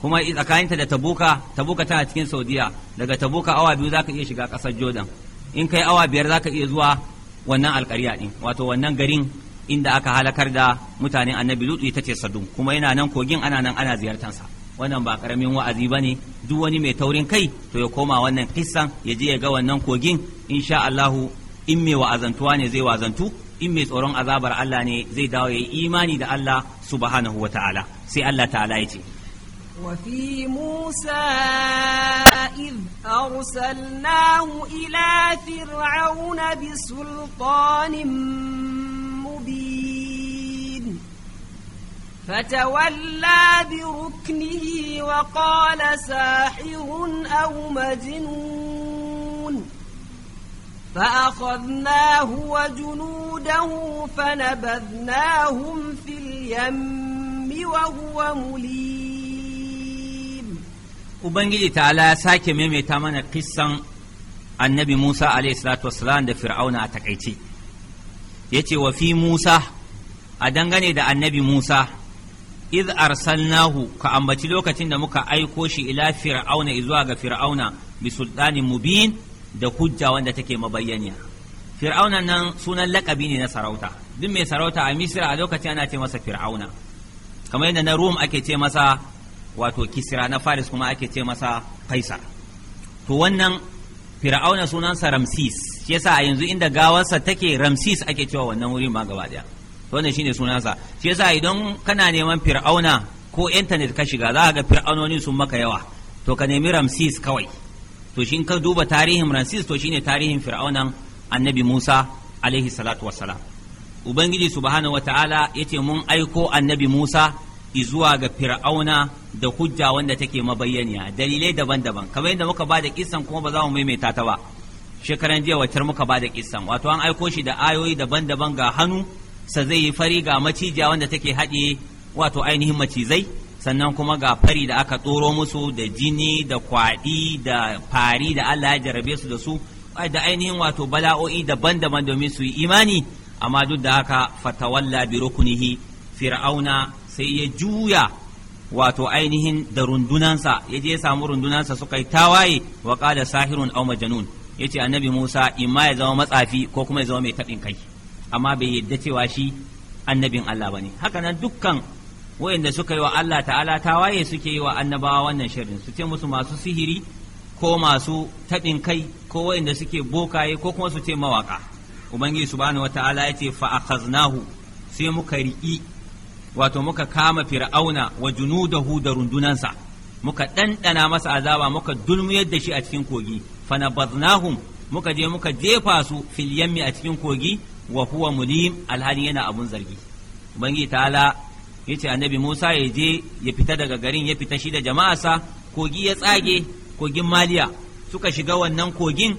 kuma tsakaninta da tabuka tabuka tana cikin saudiya daga tabuka awa biyu zaka iya shiga kasar jordan in kai awa biyar zaka iya zuwa wannan alƙarya din wato wannan garin inda aka halakar da mutanen annabi lutu ita ce sadun kuma yana nan kogin ana nan ana ziyartansa wannan ba karamin wa'azi ba ne duk wani mai taurin kai to ya koma wannan kissan ya je ya ga wannan kogin insha Allahu in mai wa'azantuwa ne zai wa'azantu in mai tsoron azabar Allah ne zai dawo ya yi imani da Allah subhanahu wa ta'ala sai Allah ta'ala ya ce وفي موسى إذ أرسلناه إلى فرعون بسلطان مبين فتولى بركنه وقال ساحر أو مجنون فأخذناه وجنوده فنبذناهم في اليم وهو مليم أبنجي تعالى ساكي ميمي تامان قصة النبي موسى عليه الصلاة والسلام ده فرعون أتقعيتي يتي وفي موسى أدنغني ده النبي موسى إذ أرسلناه كأمبتلوكة نمك أيكوشي إلى فرعون إذ واغ فرعون بسلطان مبين da hujja wanda take mabayyaniya fir'auna nan sunan lakabi ne na sarauta duk mai sarauta a misira a lokacin ana ce masa fir'auna kamar yadda na rum ake ce masa wato kisira na faris kuma ake ce masa kaisar to wannan fir'auna sunansa ramsis shi yasa a yanzu inda gawarsa take ramsis ake cewa wannan wurin ma gaba daya wannan shine sunansa shi yasa idan kana neman fir'auna ko intanet ka shiga za ka ga fir'aunoni sun maka yawa to ka nemi ramsis kawai to shi ka duba tarihin ramses to shine tarihin fir'aunan annabi musa alaihi salatu wassalam ubangiji subhanahu wataala yace mun aiko annabi musa izuwa ga fir'auna da hujja wanda take mabayyaniya dalilai daban-daban kamar yadda muka ba da kisan kuma ba za mu maimaita ta ba shekaran jiya wacce muka bada kisan wato an aiko shi da ayoyi daban-daban ga hannu sa zai yi fari ga macijiya wanda take haɗe wato ainihin macizai sannan kuma ga fari da aka tsoro musu da jini da kwaɗi da fari da Allah ya jarabe su da su da ainihin wato bala'o'i daban-daban domin su yi imani amma duk da haka fatawalla bi rukunihi fir'auna sai ya juya wato ainihin da rundunansa ya je ya samu rundunansa suka yi tawaye wa da sahirun aw ya yace annabi Musa imma ya zama matsafi ko kuma ya zama mai taɓin kai amma bai yadda cewa shi annabin Allah ne. haka nan dukkan wa'inda suka yi wa Allah ta'ala tawaye suke yi wa annabawa wannan shirin su ce musu masu sihiri ko masu taɗin kai ko wa'inda suke bokaye ko kuma su ce mawaka ubangiji subhanahu wata'ala ya ce fa sai muka riƙi wato muka kama fir'auna wa junudahu da rundunansa muka ɗanɗana masa azaba muka dulmuyar da shi a cikin kogi fanabaznahum muka je muka jefa su fil yammi a cikin kogi wa huwa mulim alhali yana abun zargi ubangiji ta'ala yace annabi Musa ya je ya fita daga garin ya fita shi da jama'arsa kogi ya tsage kogin maliya suka shiga wannan kogin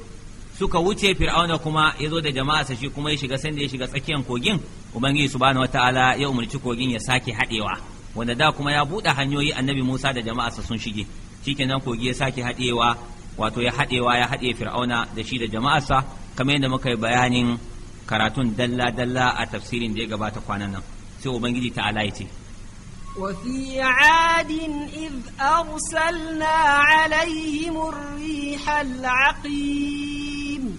suka wuce fir'auna kuma ya zo da jama'arsa shi kuma ya shiga sanda ya shiga tsakiyar kogin ubangiji subhanahu wataala ya umarci kogin ya sake hadewa wanda da kuma ya bude hanyoyi annabi Musa da jama'arsa sun shige shikenan kogi ya sake hadewa wato ya hadewa ya haɗe fir'auna da shi da jama'arsa kamar yadda muka yi bayanin karatun dalla-dalla a tafsirin da ya gabata kwanan nan sai ubangiji ta ala yace وفي عاد إذ أرسلنا عليهم الريح العقيم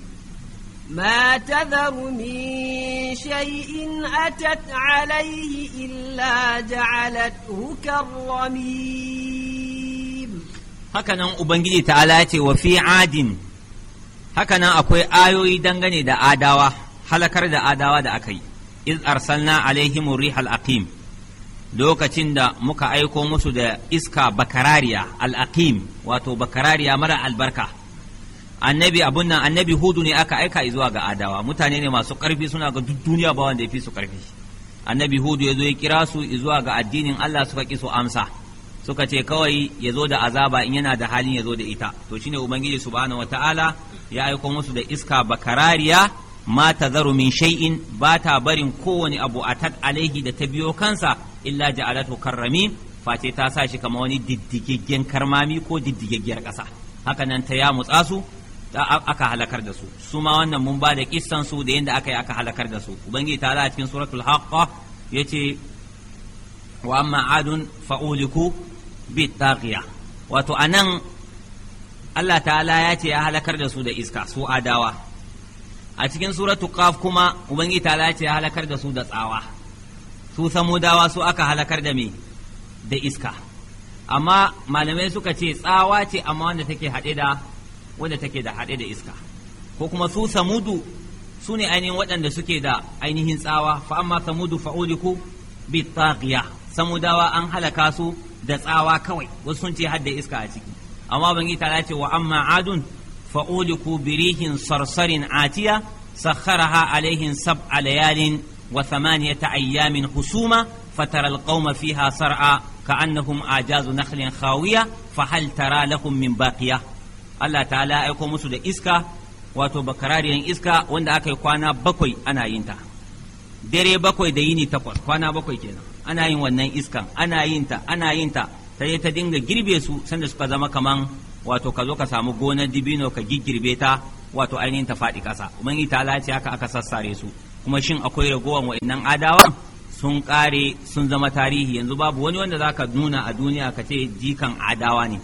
ما تذر من شيء أتت عليه إلا جعلته كالرميم هكذا أبنجي تعالى وفي عاد هكذا أكوي آيوي دنغني دا آداوة هلكر دا آداوة دا أكي iz arsalna alaihim rihal aqim lokacin da muka aiko musu da iska bakarariya al aqim wato bakarariya mara albarka annabi abun nan annabi hudu ne aka aika zuwa ga adawa mutane ne masu karfi suna ga duk duniya ba wanda ya fi su karfi annabi hudu ya zo ya kira su zuwa ga addinin Allah suka ki su amsa suka ce kawai ya zo da azaba in yana da halin ya zo da ita to shine ubangiji subhanahu wataala ya aiko musu da iska bakarariya ma zarumin min shay'in ba ta barin kowane abu a tad alaihi da ta biyo kansa illa ja'alatu karrami face ta sa shi kama wani diddigaggen karmami ko diddigaggiyar ƙasa haka nan ta yamutsa su aka halakar da su su ma wannan mun ba da kissan su da yadda aka yi aka halakar da su ubangiji ta cikin suratul haqqa yace wa amma adun fa'uliku bitaghiya wato anan Allah ta'ala ya ce ya halakar da su da iska su adawa a cikin suratu qaf kuma ubangiji ta ce ya halakar da su da tsawa su samudawa su aka halakar da me da iska amma malamai suka ce tsawa ce amma wanda take haɗe da wanda take da haɗe da iska ko kuma su samudu su ne ainihin waɗanda suke da ainihin tsawa fa amma samudu fa uliku bi taqiya samudawa an halaka su da tsawa kawai wasu sun ce hadda iska a ciki amma bangi ta ce wa amma adun فأولقوا بريح صرصر عاتية سخرها عليهم سبع ليال وثمانية أيام حسوما فترى القوم فيها سرعى كأنهم أعجاز نخل خاوية فهل ترى لهم من باقية الله تعالى أيكم مسود إسكا wato bakarariyar iska wanda aka yi kwana bakwai ana yin ta dare bakwai da yini takwas kwana bakwai kenan ana yin wannan iskan ana yin ta ana yin ta ta ta dinga girbe su sanda suka zama kaman wato ka zo ka samu gonar dibino ka giggirbe ta wato ainihin ta faɗi ƙasa ubangi ta ce haka aka sassare su kuma shin akwai ragowar wa'annan adawa sun ƙare sun zama tarihi yanzu babu wani wanda zaka nuna a duniya ka ce jikan adawa ne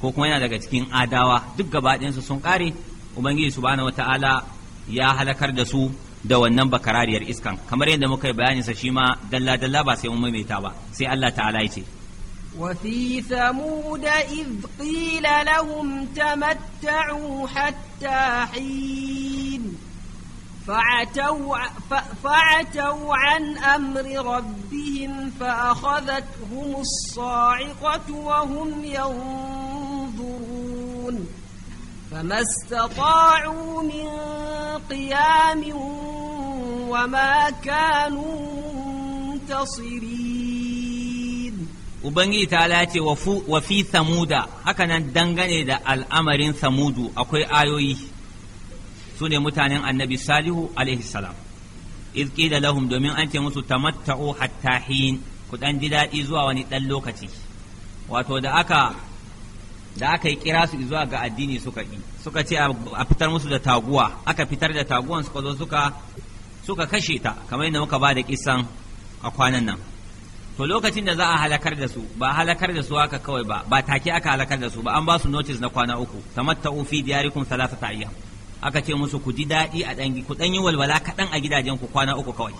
ko kuma yana daga cikin adawa duk gaba su sun ƙare ubangiji subhanahu wataala ya halakar da su da wannan bakarariyar iskan kamar yadda muka yi sa shi ma dalla-dalla ba sai mun maimaita ba sai Allah ta'ala ya ce وفي ثمود إذ قيل لهم تمتعوا حتى حين فعتوا, فعتوا عن أمر ربهم فأخذتهم الصاعقة وهم ينظرون فما استطاعوا من قيام وما كانوا منتصرين ubangiji ta lace wa fi samuda hakanan dangane da al'amarin samudu akwai ayoyi su ne mutanen annabi salihu alaihi salam da lahum domin an ce musu tamatta'u hatta hin ku dan ji daɗi zuwa wani ɗan lokaci wato da aka da aka yi kira su zuwa ga addini suka yi suka ce a fitar musu da taguwa aka fitar da taguwan suka zo suka suka kashe ta kamar yadda muka ba da kisan a kwanan nan to lokacin da za a halakar da su ba halakar da su haka kawai ba ba take aka halakar da su ba an ba su notice na kwana uku tamatta'u fi diyarikum thalathata ayyam aka ce musu ku ji daɗi a dangi ku dan yi walwala kaɗan a gidajen ku kwana uku kawai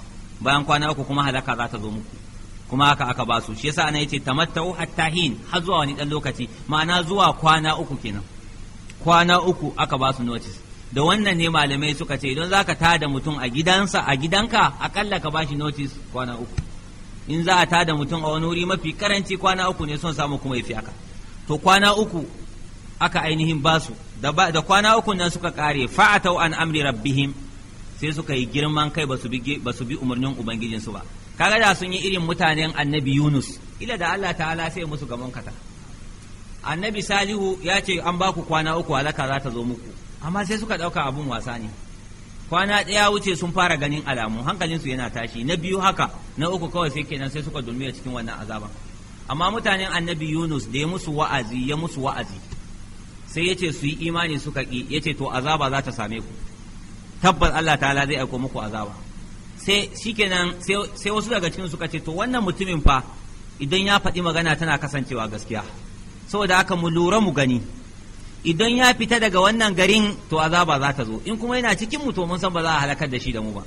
bayan kwana uku kuma halaka za ta zo muku kuma haka aka ba su shi yasa ana yace tamatta'u hatta hin har zuwa wani dan lokaci ma'ana zuwa kwana uku kenan kwana uku aka ba su notice da wannan ne malamai suka ce idan zaka tada mutum a gidansa a gidanka akalla ka bashi notice kwana uku in za a tada mutum a wani wuri mafi karanci kwana uku ne son samu kuma yafi haka to kwana uku aka ainihin basu da kwana uku nan suka kare fa'atau an amri rabbihim sai suka yi girman kai basu bi bi umarnin ubangijinsu ba kaga da sun yi irin mutanen annabi Yunus ila da Allah ta'ala sai musu gaban kata annabi Salihu ya ce an baku kwana uku alaka za ta zo muku amma sai suka ɗauka abun wasa ne kwana ɗaya wuce sun fara ganin alamu hankalinsu yana tashi na biyu haka na uku kawai sai kenan sai suka a cikin wannan azaban amma mutanen annabi yunus da ya musu wa'azi ya musu wa'azi sai ya ce su yi imani suka ƙi ya ce to azaba za ta same ku tabbas allah ta'ala zai aiko muku azaba sai shikenan sai wasu daga cikin suka ce to wannan mutumin fa idan ya faɗi magana tana kasancewa gaskiya saboda haka mu lura mu gani idan ya fita daga wannan garin to azaba za ta zo in kuma yana cikin mu to mun san ba za a halakar da shi da mu ba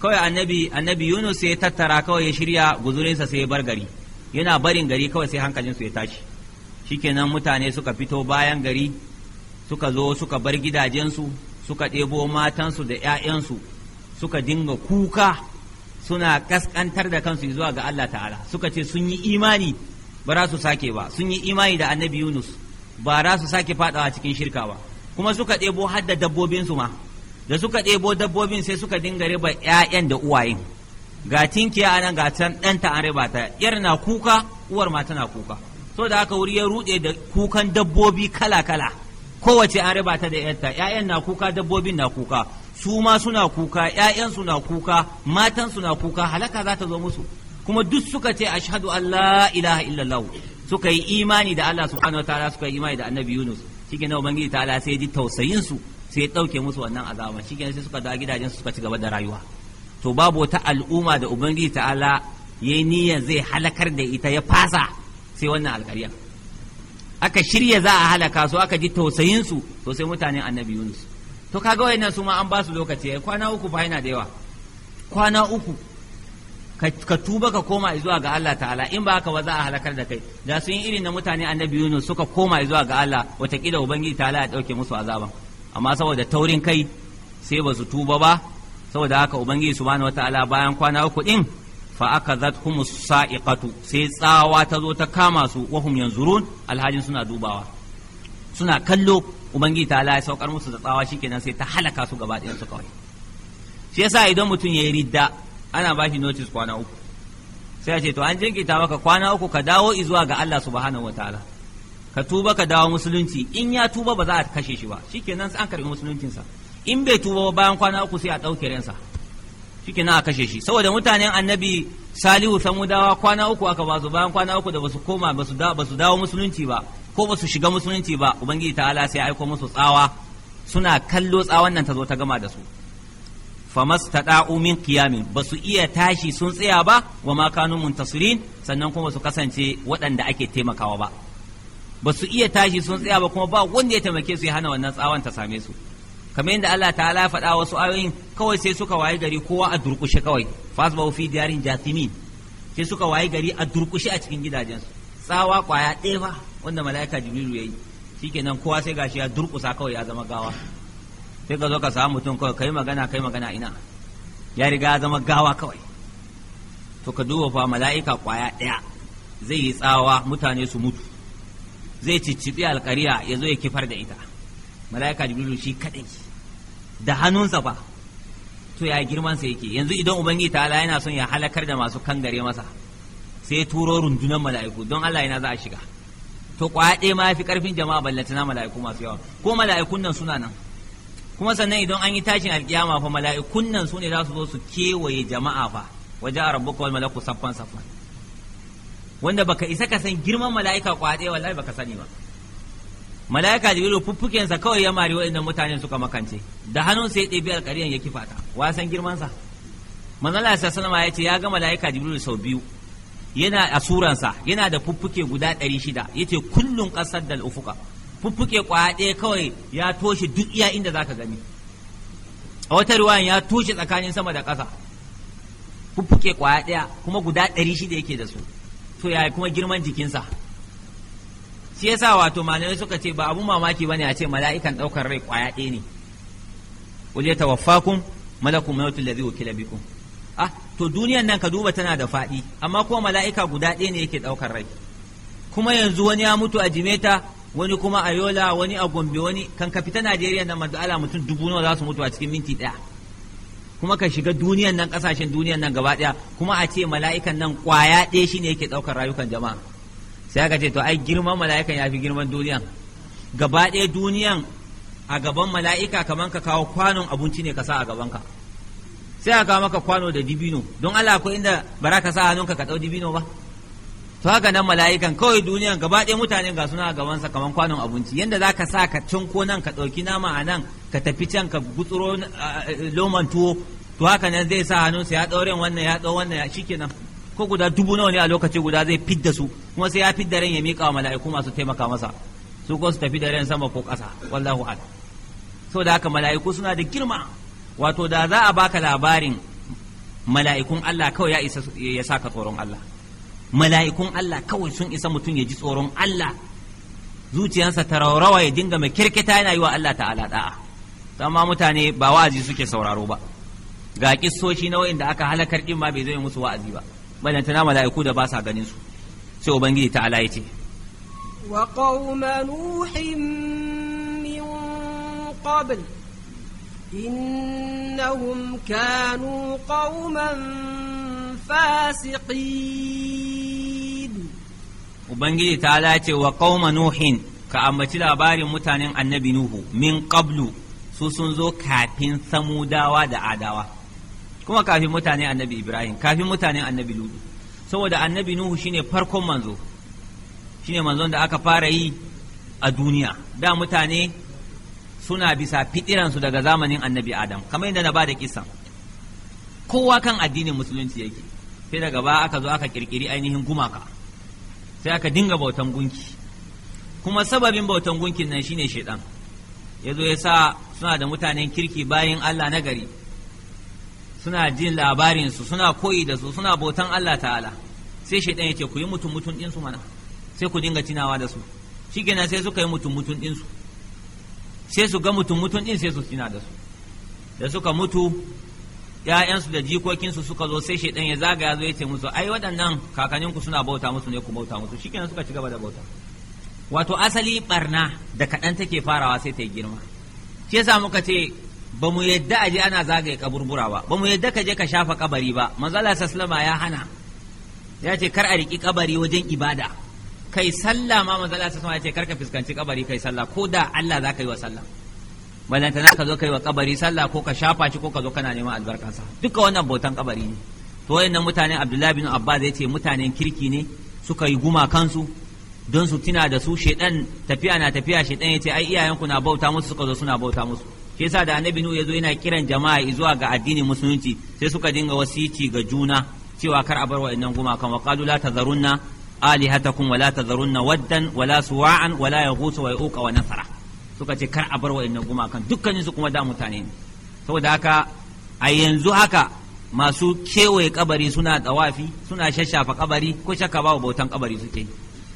kawai annabi annabi Yunus sai ya tattara kawai ya shirya guzurinsa sai ya bar gari yana barin gari kawai sai hankalin su ya tashi shikenan mutane suka fito bayan gari suka zo suka bar gidajensu suka ɗebo matansu da 'ya'yansu suka dinga kuka suna kaskantar da kansu zuwa ga Allah ta'ala suka ce sun yi imani ba za su sake ba sun yi imani da annabi Yunus ba za su sake fadawa cikin shirka ba kuma suka ɗebo har da dabbobin su ma da suka ɗebo dabbobin sai suka dinga riba ƴaƴan da uwayen ga tinkiya anan ga can ɗanta an riba ta yar na kuka uwar ma tana kuka so da aka wuri ya ruɗe da kukan dabbobi kala kala kowace an riba ta da ƴarta ƴaƴan na kuka dabbobin na kuka su ma suna kuka ƴaƴan su na kuka matan su na kuka halaka za ta zo musu kuma duk suka ce ashhadu an la ilaha illallah suka yi imani da Allah subhanahu wataala suka yi imani da annabi Yunus shike na ubangiji ta'ala sai ji tausayin su sai dauke musu wannan azaba shike sai suka dawo gidajen su suka ci gaba da rayuwa to babu wata al'umma da ubangiji ta'ala yayi niyyar zai halakar da ita ya fasa sai wannan alƙarya aka shirya za a halaka su aka ji tausayin su to sai mutanen annabi Yunus to kaga wayannan su ma an ba su lokaci kwana uku fa yana da yawa kwana uku ka tuba ka koma zuwa ga Allah ta'ala in ba haka ba za a halakar da kai da sun yi irin na mutane annabi Yunus suka koma zuwa ga Allah watakila ubangiji ta'ala ya ɗauke musu azaba amma saboda taurin kai sai ba su tuba ba saboda haka ubangiji subhanahu wataala bayan kwana uku din fa akazathumus sa'iqatu sai tsawa ta zo ta kama su wahum yanzurun alhajin suna dubawa suna kallo ubangiji ta'ala ya saukar musu da tsawa shikenan sai ta halaka su gaba ɗayan su kawai shi yasa idan mutum ya yi ridda ana ba shi notice kwana uku sai a ce to an jinkita maka kwana uku ka dawo zuwa ga Allah subhanahu wataala ka tuba ka dawo musulunci in ya tuba ba za a kashe shi ba shikenan an karbi sa in bai tuba bayan kwana uku sai a ɗauke ransa shikenan a kashe shi saboda mutanen annabi salihu samudawa kwana uku aka ba su bayan kwana uku da basu koma basu da basu dawo musulunci ba ko basu shiga musulunci ba ubangiji ta'ala sai aiko musu tsawa suna kallo tsawon nan ta zo ta gama da su da'u min qiyamin basu iya tashi sun tsaya ba wa ma kanu muntasirin sannan kuma su kasance waɗanda ake taimakawa ba basu iya tashi sun tsaya ba kuma ba wanda ya taimake su ya hana wannan tsawon ta same su kamar yadda Allah ta'ala faɗa wasu ayoyin kawai sai suka wayi gari kowa a durƙushe kawai fasbahu fi diyarin jathimin sai suka wayi gari a durƙushe a cikin gidajensu tsawa kwaya ɗaya ba wanda mala'ika jibrilu yayi shikenan kowa sai gashi ya durƙusa kawai ya zama gawa sai ka zo ka samu mutum kawai kai magana kai magana ina ya riga zama gawa kawai to ka duba fa mala'ika kwaya ɗaya zai yi tsawa mutane su mutu zai cicciɓi alƙariya ya zo ya kifar da ita mala'ika jibrilu shi kaɗai da hannunsa fa to ya girman girmansa yake yanzu idan ubangiji ta yana son ya halakar da masu kangare masa sai turo rundunar mala'iku don Allah yana za a shiga to kwaya ɗaya ma ya fi ƙarfin jama'a ballantana mala'iku masu yawa ko mala'ikun nan suna nan kuma sannan idan an yi tashin alkiyama fa mala'ikun nan su ne za su zo su kewaye jama'a fa waje a rabbuka wal malaku saffan saffan wanda baka isa ka san girman mala'ika kwaɗe wallahi baka sani ba mala'ika jibrilu fuffukensa kawai ya mari waɗannan mutanen suka makance da hannun sai ɗebi alƙariyan ya kifata wa san girmansa manzala sa sallama ya ce ya ga mala'ika jibrilu sau biyu yana a yana da fuffuke guda ɗari shida yace kullum ƙasar da ufuka fuffuke kwaya ɗaya kawai ya toshe duk iya inda zaka gani a wata ruwan ya toshe tsakanin sama da ƙasa fuffuke kwaya ɗaya kuma guda ɗari shida yake da su to ya kuma girman jikinsa shi yasa wato malamai suka ce ba abu mamaki bane a ce mala'ikan ɗaukar rai kwaya ne qul yatawaffakum malakul maut alladhi wukila bikum ah to duniyan nan ka duba tana da faɗi amma kuma mala'ika guda ɗaya ne yake ɗaukar rai kuma yanzu wani ya mutu a jimeta wani kuma a yola wani a gombe wani kan ka fita najeriya nan manzo ala mutum dubu nawa za su mutu a cikin minti ɗaya kuma ka shiga duniyan nan kasashen duniyan nan gaba ɗaya kuma a ce mala'ikan nan kwaya ɗaya shine yake ɗaukar rayukan jama'a sai aka ce to ai girman mala'ikan ya fi girman duniyan gaba ɗaya duniyan a gaban mala'ika kamar ka kawo kwanon abinci ne ka sa a gaban ka? sai a kawo maka kwano da dibino don Allah akwai inda bara ka sa hannunka ka ɗau dibino ba to haka nan mala'ikan kawai duniyan gaba ɗaya mutanen ga suna gabansa kamar kwanon abinci yanda za ka sa ka cinko nan ka ɗauki nama a nan ka tafi can ka gutsuro eh, eh, loman tuwo to haka nan zai sa hannunsa ya ɗaure wannan ya ɗau wannan ya nan. ko guda dubu nawa ne a lokaci guda zai fidda su kuma sai ya fidda ran ya miƙa wa mala'iku masu taimaka masa su ko su tafi da ran sama ko ƙasa wallahu a'lam saboda haka mala'iku suna da girma wato da za a baka labarin mala'ikun Allah kawai ya isa ya saka tsoron Allah mala'ikun Allah kawai sun isa mutum ya ji tsoron Allah zuciyarsa ta rawa ya dinga mai kirkita yana yi wa Allah ta'ala da'a amma mutane ba wa'azi suke sauraro ba ga kissoshi na da aka halakar din ma bai zai musu wa'azi ba balantana mala'iku da ba sa ganin su sai ubangiji ta'ala ya ce wa qauma nuhin min qabl innahum kanu qauman fasiqin ubangiji ta lace wa kauma nuhin ka ambaci labarin mutanen annabi nuhu min qablu su sun zo kafin samudawa da adawa kuma kafin mutanen annabi ibrahim kafin mutanen annabi lutu saboda annabi nuhu shine farkon manzo shine manzon da aka fara yi a duniya da mutane suna bisa fitiransu daga zamanin annabi adam kamar yadda na ba da kisan kowa kan addinin musulunci yake sai daga ba aka zo aka ƙirƙiri ainihin gumaka sai aka dinga bautan gunki kuma sababin bautan gunkin nan shine shaidan ya zo ya sa suna da mutanen kirki bayan Allah na gari suna jin labarinsu suna koyi da su suna bautan Allah ta'ala sai shaidan ya ce ku yi mutum mutum ɗinsu mana sai ku dinga tunawa da su shi kenan sai suka yi mutum mutum ɗinsu sai su ga mutum mutum ɗin sai su tina da su da suka mutu ‘ya'yansu da jikokinsu suka zo sai shaidan ya zagaya zo ya ce musu ai waɗannan kakanninku suna bauta musu ne ku bauta musu shikenan suka ci gaba da bauta wato asali barna da kaɗan take farawa sai ta girma shi yasa muka ce ba mu yadda aje ana zagaye kaburbura ba ba mu yadda ka je ka shafa kabari ba manzala saslama ya hana ya ce kar a riki kabari wajen ibada kai sallah ma manzala saslama ya ce kar ka fuskanci kabari kai sallah ko da Allah za ka yi wa sallah balantana ka zo kai wa kabari sallah ko ka shafa shi ko ka zo kana neman albarkansa duka wannan bautan kabari ne to wayannan mutanen abdullahi bin abbas ya ce mutanen kirki ne suka yi guma kansu don su tuna da su shedan tafiya na tafiya shedan yace ai iyayenku na bauta musu suka zo suna bauta musu shi yasa da annabi nuhu yazo yana kiran jama'a zuwa ga addinin musulunci sai suka dinga wasici ga juna cewa kar a bar wa'annan gumakan wa qalu la tazarunna alihatakum wa la tazarunna waddan wa la suwa'an wa la yaghus wa yauqa wa nasara suka ce kar a bar wa'annan gumakan dukkanin su kuma da mutane ne saboda haka a yanzu haka masu kewaye kabari suna tawafi suna shashafa kabari ko shakka ba bautan kabari suke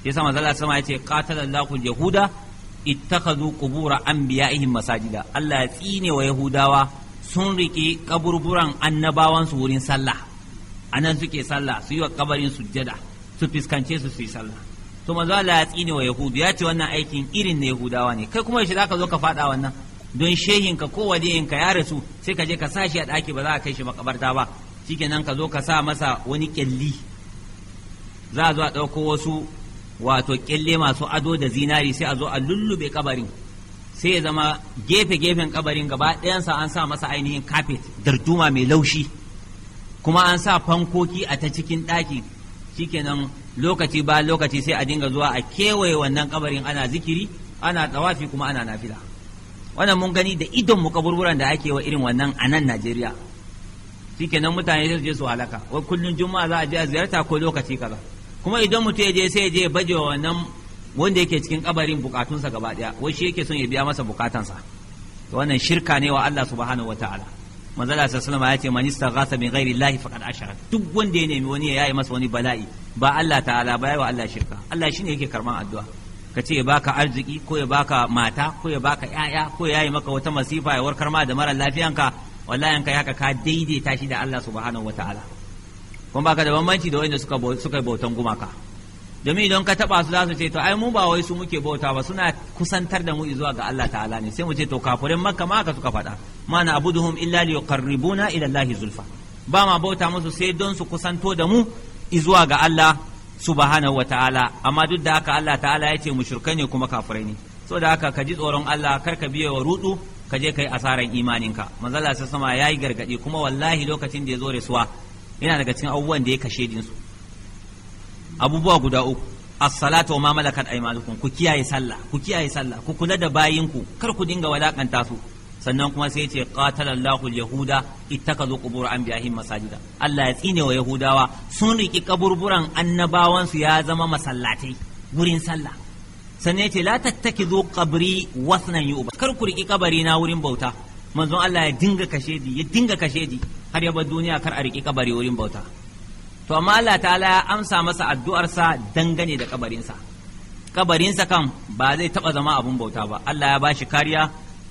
yasa manzala sama yace qatalallahu yahuda ittakhadhu qubura anbiya'ihim masajida Allah ya tsine wa yahudawa sun rike kaburburan annabawan su wurin sallah anan suke sallah su yi wa kabarin sujjada su fiskance su su yi sallah to manzo Allah ya tsine wa yahudu ya ce wannan aikin irin na yahudawa ne kai kuma yaushe ka zo ka faɗa wannan don shehin ka ko waliyin ka ya rasu sai ka je ka sashi a ɗaki ba za ka kai shi makabarta ba shikenan ka zo ka sa masa wani kyalli za a zo a ɗauko wasu wato kyalle masu ado da zinari sai a zo a lullube kabarin sai ya zama gefe gefen kabarin gaba ɗayansa an sa masa ainihin kafet darduma mai laushi kuma an sa fankoki a ta cikin ɗakin shikenan lokaci ba lokaci sai a dinga zuwa a kewaye wannan kabarin ana zikiri ana tawafi kuma ana nafila wannan mun gani da idon mu kaburburan da ake wa irin wannan a nan Najeriya shikenan mutane sai su je su halaka wai kullun juma'a za a je a ziyarta ko lokaci kaza kuma idan mutum ya je sai ya je baje wannan wanda yake cikin kabarin bukatunsa gaba daya wai shi yake son ya biya masa bukatansa wannan shirka ne wa Allah subhanahu wataala manzala sallallahu alaihi ya ce man istaghatha min ghairi Allah faqad ashara duk wanda ya nemi wani ya yi masa wani bala'i ba Allah ta'ala ba ya wa Allah shirka Allah shine yake karman addu'a ka ce ya baka arziki ko ya baka mata ko ya baka yaya ko ya yi maka wata masifa ya warkar ma da mara lafiyanka wallahi ka haka ka daidaita shi da Allah subhanahu wataala kuma baka da bambanci da wanda suka suka bautan gumaka domin idan ka taba su za ce to ai mu ba wai su muke bauta ba suna kusantar da mu zuwa ga Allah ta'ala ne sai mu ce to kafirin makka ma ka suka faɗa ma na abuduhum illa na ila Allah zulfa ba ma bauta musu sai don su kusanto da mu izuwa ga Allah wa ta'ala amma duk da haka Allah ta'ala ya ce mushrikai ne kuma kafirai ne so da haka ka ji tsoron Allah kar ka biya wa rudu ka je kai asaran imaninka manzala sai sama yayi gargadi kuma wallahi lokacin da ya zo rasuwa yana daga cikin abubuwan da ya kashe din su abubuwa guda uku as-salatu wa ma malakat aymanukum ku kiyaye sallah ku kiyaye sallah ku kula da bayinku kar ku dinga walakanta su sannan kuma sai ce qatalallahu yahuda ittakazu qubur anbiya'ihim masajida Allah ya tsine wa yahudawa sun riki kaburburan annabawan su ya zama masallatai wurin sallah sannan ce la tattakizu qabri wasnan yu'ba kar ku riki kabari na wurin bauta manzon Allah ya dinga kashedi ya dinga kashedi har ya bar duniya kar a riki kabari wurin bauta to amma Allah ta'ala ya amsa masa addu'arsa dangane da kabarinsa kabarinsa kan ba zai taba zama abun bauta ba Allah ya bashi kariya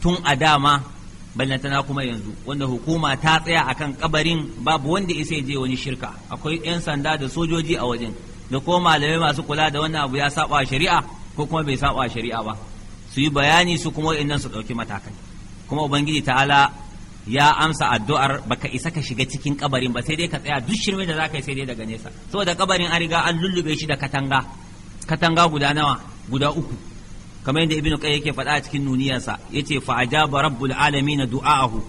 tun a dama ballantana kuma yanzu wanda hukuma ta tsaya a kan kabarin babu wanda isa je wani shirka akwai 'yan sanda da sojoji a wajen da ko malamai masu kula da wannan abu ya saba shari'a ko kuma bai saba shari'a ba su yi bayani su kuma wa'annan su ɗauki matakai kuma ubangiji ta'ala ya amsa addu'ar baka isa ka shiga cikin kabarin ba sai dai ka tsaya duk shirme da zaka yi sai dai daga nesa saboda kabarin an riga an lullube shi da katanga katanga guda nawa guda uku kamar da ibnu kai yake faɗa a cikin nuniyarsa yace fa ajaba rabbul alamin du'aahu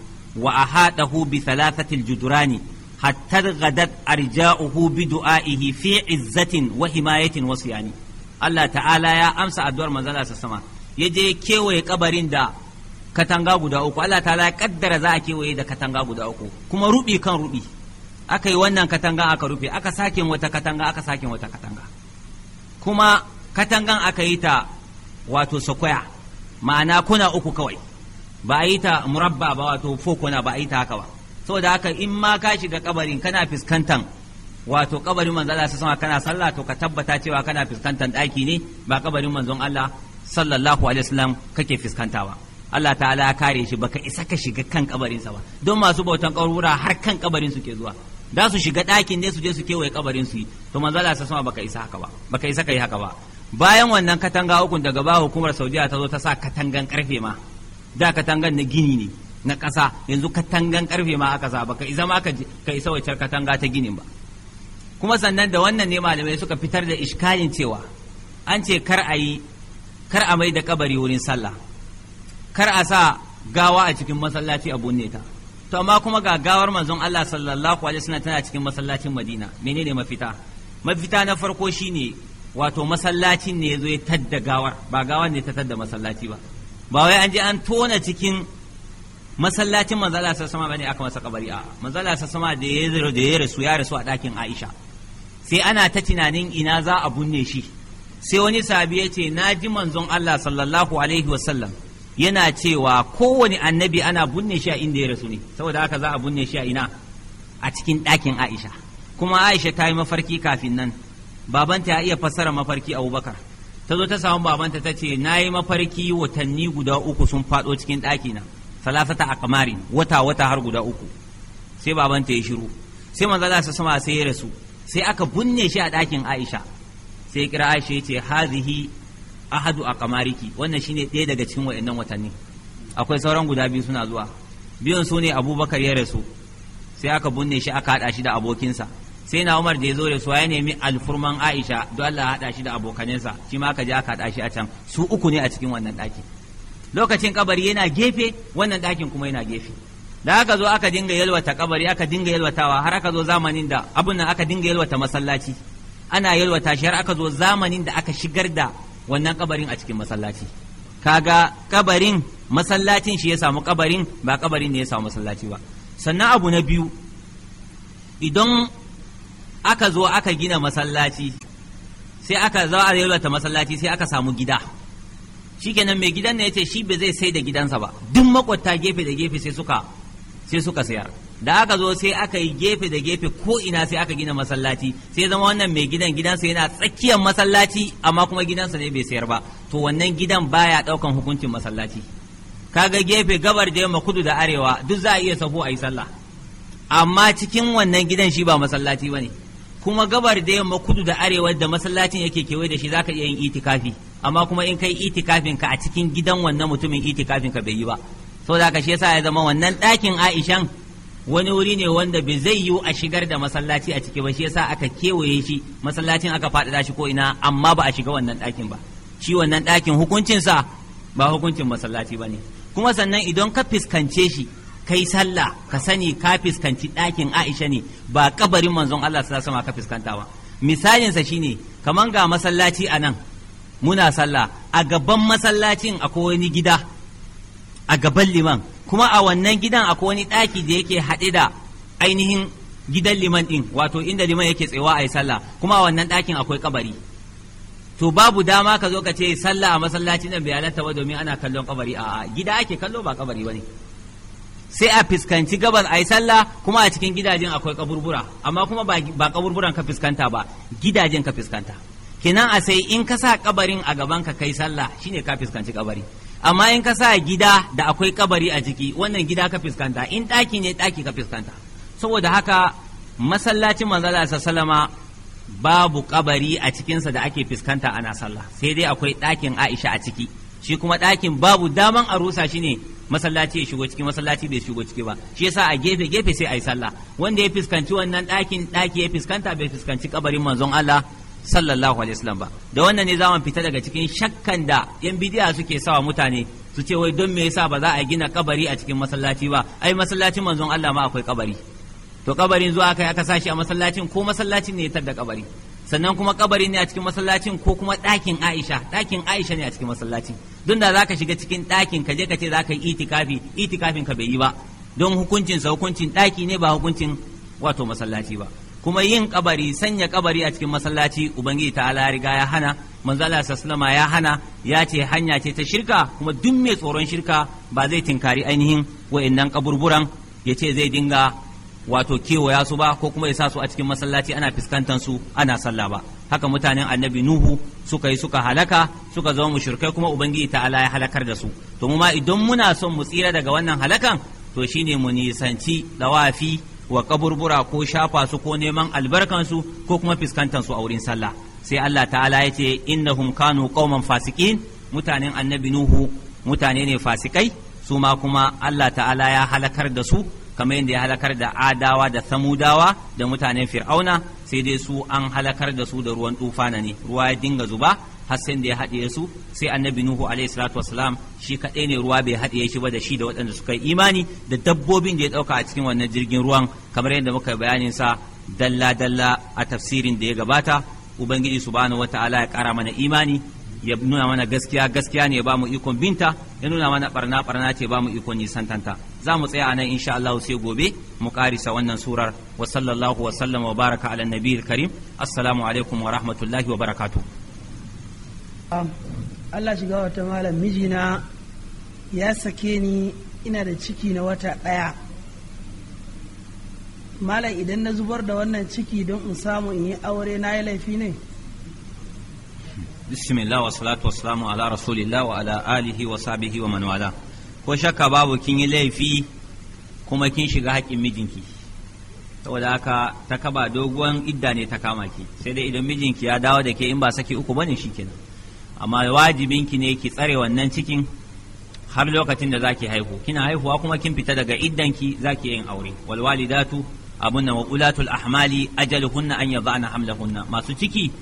wa ahadahu bi thalathati aljudurani hatta ghadat arja'uhu bi du'aihi fi izzatin wa himayatin wa siyani Allah ta'ala ya amsa addu'ar manzon sa sama je kewaye kabarin da katanga guda uku Allah ta'ala ya kaddara za a kewaye da katanga guda uku kuma rubi kan rubi aka yi wannan katanga aka rufe aka sake wata katanga aka sake wata katanga kuma katangan aka yi ta wato sakwaya ma'ana kuna uku kawai ba a yi ta murabba ba wato fokuna ba a yi ta haka ba saboda haka in ma ka shiga kabarin kana fuskantan wato kabarin manzon Allah sallallahu kana sallah to ka tabbata cewa kana fuskantan daki ne ba kabarin manzon Allah sallallahu alaihi wasallam kake ba Allah ta'ala ya kare shi baka isa ka shiga kan kabarinsa ba don masu bautan kaurura har kan kabarin suke zuwa da su shiga ɗakin ne su je su kewaye kabarin su to manzo Allah sama baka isa haka ba baka isa kai haka ba bayan wannan katanga ukun daga ba hukumar saudiya ta zo ta sa katangan karfe ma da katangan na gini ne na ƙasa yanzu katangan karfe ma aka sa ba ka zama ka isa wacce katanga ta ginin ba kuma sannan da wannan ne malamai suka fitar da iskalin cewa an ce kar a yi kar a mai da kabari wurin sallah kar a sa gawa a cikin masallaci a bunne ta to amma kuma ga gawar manzon Allah sallallahu alaihi wasallam tana cikin masallacin Madina menene mafita mafita na farko shine wato masallacin ne ya zo ya tadda gawar ba gawar ne ta tadda masallaci ba ba wai an je an tona cikin masallacin manzala sa sama bane aka masa kabari a manzala sa sama da ya da ya rasu ya rasu a ɗakin Aisha sai ana ta tunanin ina za a bunne shi sai wani sahabi ya ce na ji manzon Allah sallallahu alaihi wasallam yana cewa kowane annabi ana bunne shi a inda ya rasu ne saboda haka za a bunne shi a ina a cikin ɗakin Aisha kuma Aisha ta yi mafarki kafin nan babanta ya iya fassara mafarki abubakar ta zo ta samu babanta ta ce na yi mafarki watanni guda uku sun faɗo cikin ɗakina salasata a kamarin wata wata har guda uku sai babanta ya shiru sai manzo Allah sama sai ya rasu sai aka bunne shi a ɗakin Aisha sai kira Aisha ya ce hazihi ahadu a kamariki wannan shine ɗaya daga cikin waɗannan watanni akwai sauran guda biyu suna zuwa biyun su ne Abubakar ya rasu sai aka bunne shi aka haɗa shi da abokinsa sai na umar da ya zo da su ya nemi alfurman aisha don allah haɗa shi da abokanensa shi ma aka je aka haɗa shi a can su uku ne a cikin wannan ɗaki lokacin kabari yana gefe wannan ɗakin kuma yana gefe da aka zo aka dinga yalwata kabari aka dinga yalwatawa har aka zo zamanin da abun nan aka dinga yalwata masallaci ana yalwata shi har aka zo zamanin da aka shigar da wannan kabarin a cikin masallaci kaga kabarin masallacin shi ya samu kabarin ba kabarin ne ya samu masallaci ba sannan abu na biyu idan aka zo aka gina masallaci sai aka za a yalwata masallaci sai aka samu gida shikenan mai gidan ne ce shi ba zai sai da gidansa ba duk makwata gefe da gefe sai suka sai suka sayar da aka zo sai aka yi gefe da gefe ko ina sai aka gina masallaci sai zama wannan mai gidan gidansa yana tsakiyar masallaci amma kuma gidansa ne bai sayar ba to wannan gidan baya daukan hukuncin masallaci kaga gefe gabar da yamma kudu da arewa duk za a iya safo a yi sallah amma cikin wannan gidan shi ba masallaci bane kuma gabar da yamma kudu da arewa da masallacin yake kewaye da shi zaka iya yin itikafi amma kuma in kai itikafin ka a cikin gidan wannan mutumin itikafin ka bai yi ba saboda ka shi yasa ya zama wannan ɗakin Aisha wani wuri ne wanda bai zai yiwu a shigar da masallaci a ciki ba shi yasa aka kewaye shi masallacin aka faɗaɗa shi ko ina amma ba a shiga wannan ɗakin ba shi wannan ɗakin hukuncinsa ba hukuncin masallaci ba ne kuma sannan idan ka fiskance shi kai sallah ka sani ka fiskanci ɗakin Aisha ne ba kabarin manzon Allah sallallahu alaihi ka fiskanta ba misalin sa shine kaman ga masallaci a nan muna sallah a gaban masallacin akwai wani gida a gaban liman kuma a wannan gidan akwai wani ɗaki da yake haɗe da ainihin gidan liman ɗin wato inda liman yake tsayawa a yi sallah kuma a wannan ɗakin akwai kabari to babu dama ka zo ka ce sallah a masallacin nan bai halatta ba domin ana kallon kabari a gida ake kallo ba kabari ba ne sai a fuskanci gabas a yi sallah kuma a cikin gidajen akwai kaburbura amma kuma ba kaburburan ka fuskanta ba gidajen ka fuskanta kinan a sai in ka sa kabarin a gaban ka kai sallah shine ka fuskanci kabari amma in ka sa gida da akwai kabari a ciki wannan gida ka fuskanta in ɗaki ne daki ka fuskanta saboda haka masallacin manzala sallama babu kabari a cikinsa da ake fuskanta ana sallah sai dai akwai ɗakin aisha a ciki shi kuma ɗakin babu daman a shine. masallaci ya shigo ciki masallaci bai shigo ciki ba shi yasa a gefe gefe sai ayi sallah wanda ya fuskanci wannan ɗakin ɗaki ya fuskanta bai fuskanci kabarin manzon Allah sallallahu alaihi wasallam ba da wannan ne zamu fita daga cikin shakkan da yan bidiya suke sawa mutane su ce wai don me yasa ba za a gina kabari a cikin masallaci ba ai masallacin manzon Allah ma akwai kabari to kabarin zuwa kai aka sashi a masallacin ko masallacin ne ya tar da kabari sannan kuma kabari ne a cikin masallacin ko kuma ɗakin aisha ɗakin aisha ne a cikin masallacin don da zaka shiga cikin ɗakin ka je ka ce ka yi itikafi itikafin ka bai yi ba don hukuncin sa hukuncin ɗaki ne ba hukuncin wato masallaci ba kuma yin kabari sanya kabari a cikin masallaci ubangiji ta ala riga ya hana manzala sallama ya hana ya ce hanya ce ta shirka kuma duk mai tsoron shirka ba zai tinkari ainihin wa'annan kaburburan ya ce zai dinga wato kewaya su ba ko kuma ya sa su a cikin masallaci ana fuskantar su ana sallah ba haka mutanen annabi nuhu suka yi suka halaka suka zama mushrikai kuma ubangiji ta'ala ya halakar da su to mu ma idan muna son mu tsira daga wannan halakan to shine mu nisanci dawafi wa kaburbura ko shafa su ko neman albarkan su ko kuma fuskantar su a wurin sallah sai Allah ta'ala ya ce innahum kanu qauman fasikin mutanen annabi nuhu mutane ne fasikai su ma kuma Allah ta'ala ya halakar da su kamar yadda ya halakar da adawa da samudawa da mutanen fir'auna sai dai su an halakar da su da ruwan tufana ne ruwa ya dinga zuba har sai da ya haɗiye su sai annabi nuhu alaihi salatu wasalam shi kaɗai ne ruwa bai haɗiye shi ba da shi da waɗanda suka yi imani da dabbobin da ya ɗauka a cikin wannan jirgin ruwan kamar yadda muka bayanin sa dalla dalla a tafsirin da ya gabata ubangiji subhanahu wata'ala ya ƙara mana imani ya nuna mana gaskiya gaskiya ne ba mu ikon binta ya nuna mana barna barna ce ba mu ikon nisantanta za mu tsaya anan insha Allah sai gobe mu karisa wannan surar wa sallallahu wa sallama wa baraka ala nabiyil karim assalamu alaikum wa rahmatullahi wa barakatuh um, Allah shiga wata malam mijina ya sake ni ina da ciki na wata ɗaya malam idan na zubar da wannan ciki don in samu in yi aure na yi laifi ne bismillah wa salatu ala rasulillah wa ala alihi wa sahbihi wa ko shakka babu kin yi laifi kuma kin shiga haƙƙin mijinki saboda haka ta kaba doguwan idda ne ta kama ki sai dai idan mijinki ya dawo da ke in ba saki uku bane shikenan amma wajibinki ne ki tsare wannan cikin har lokacin da zaki haihu kina haihuwa kuma kin fita daga iddanki zaki yin aure wal walidatu abunna wa ulatul ahmali ajaluhunna an yadhana hamlahunna masu ciki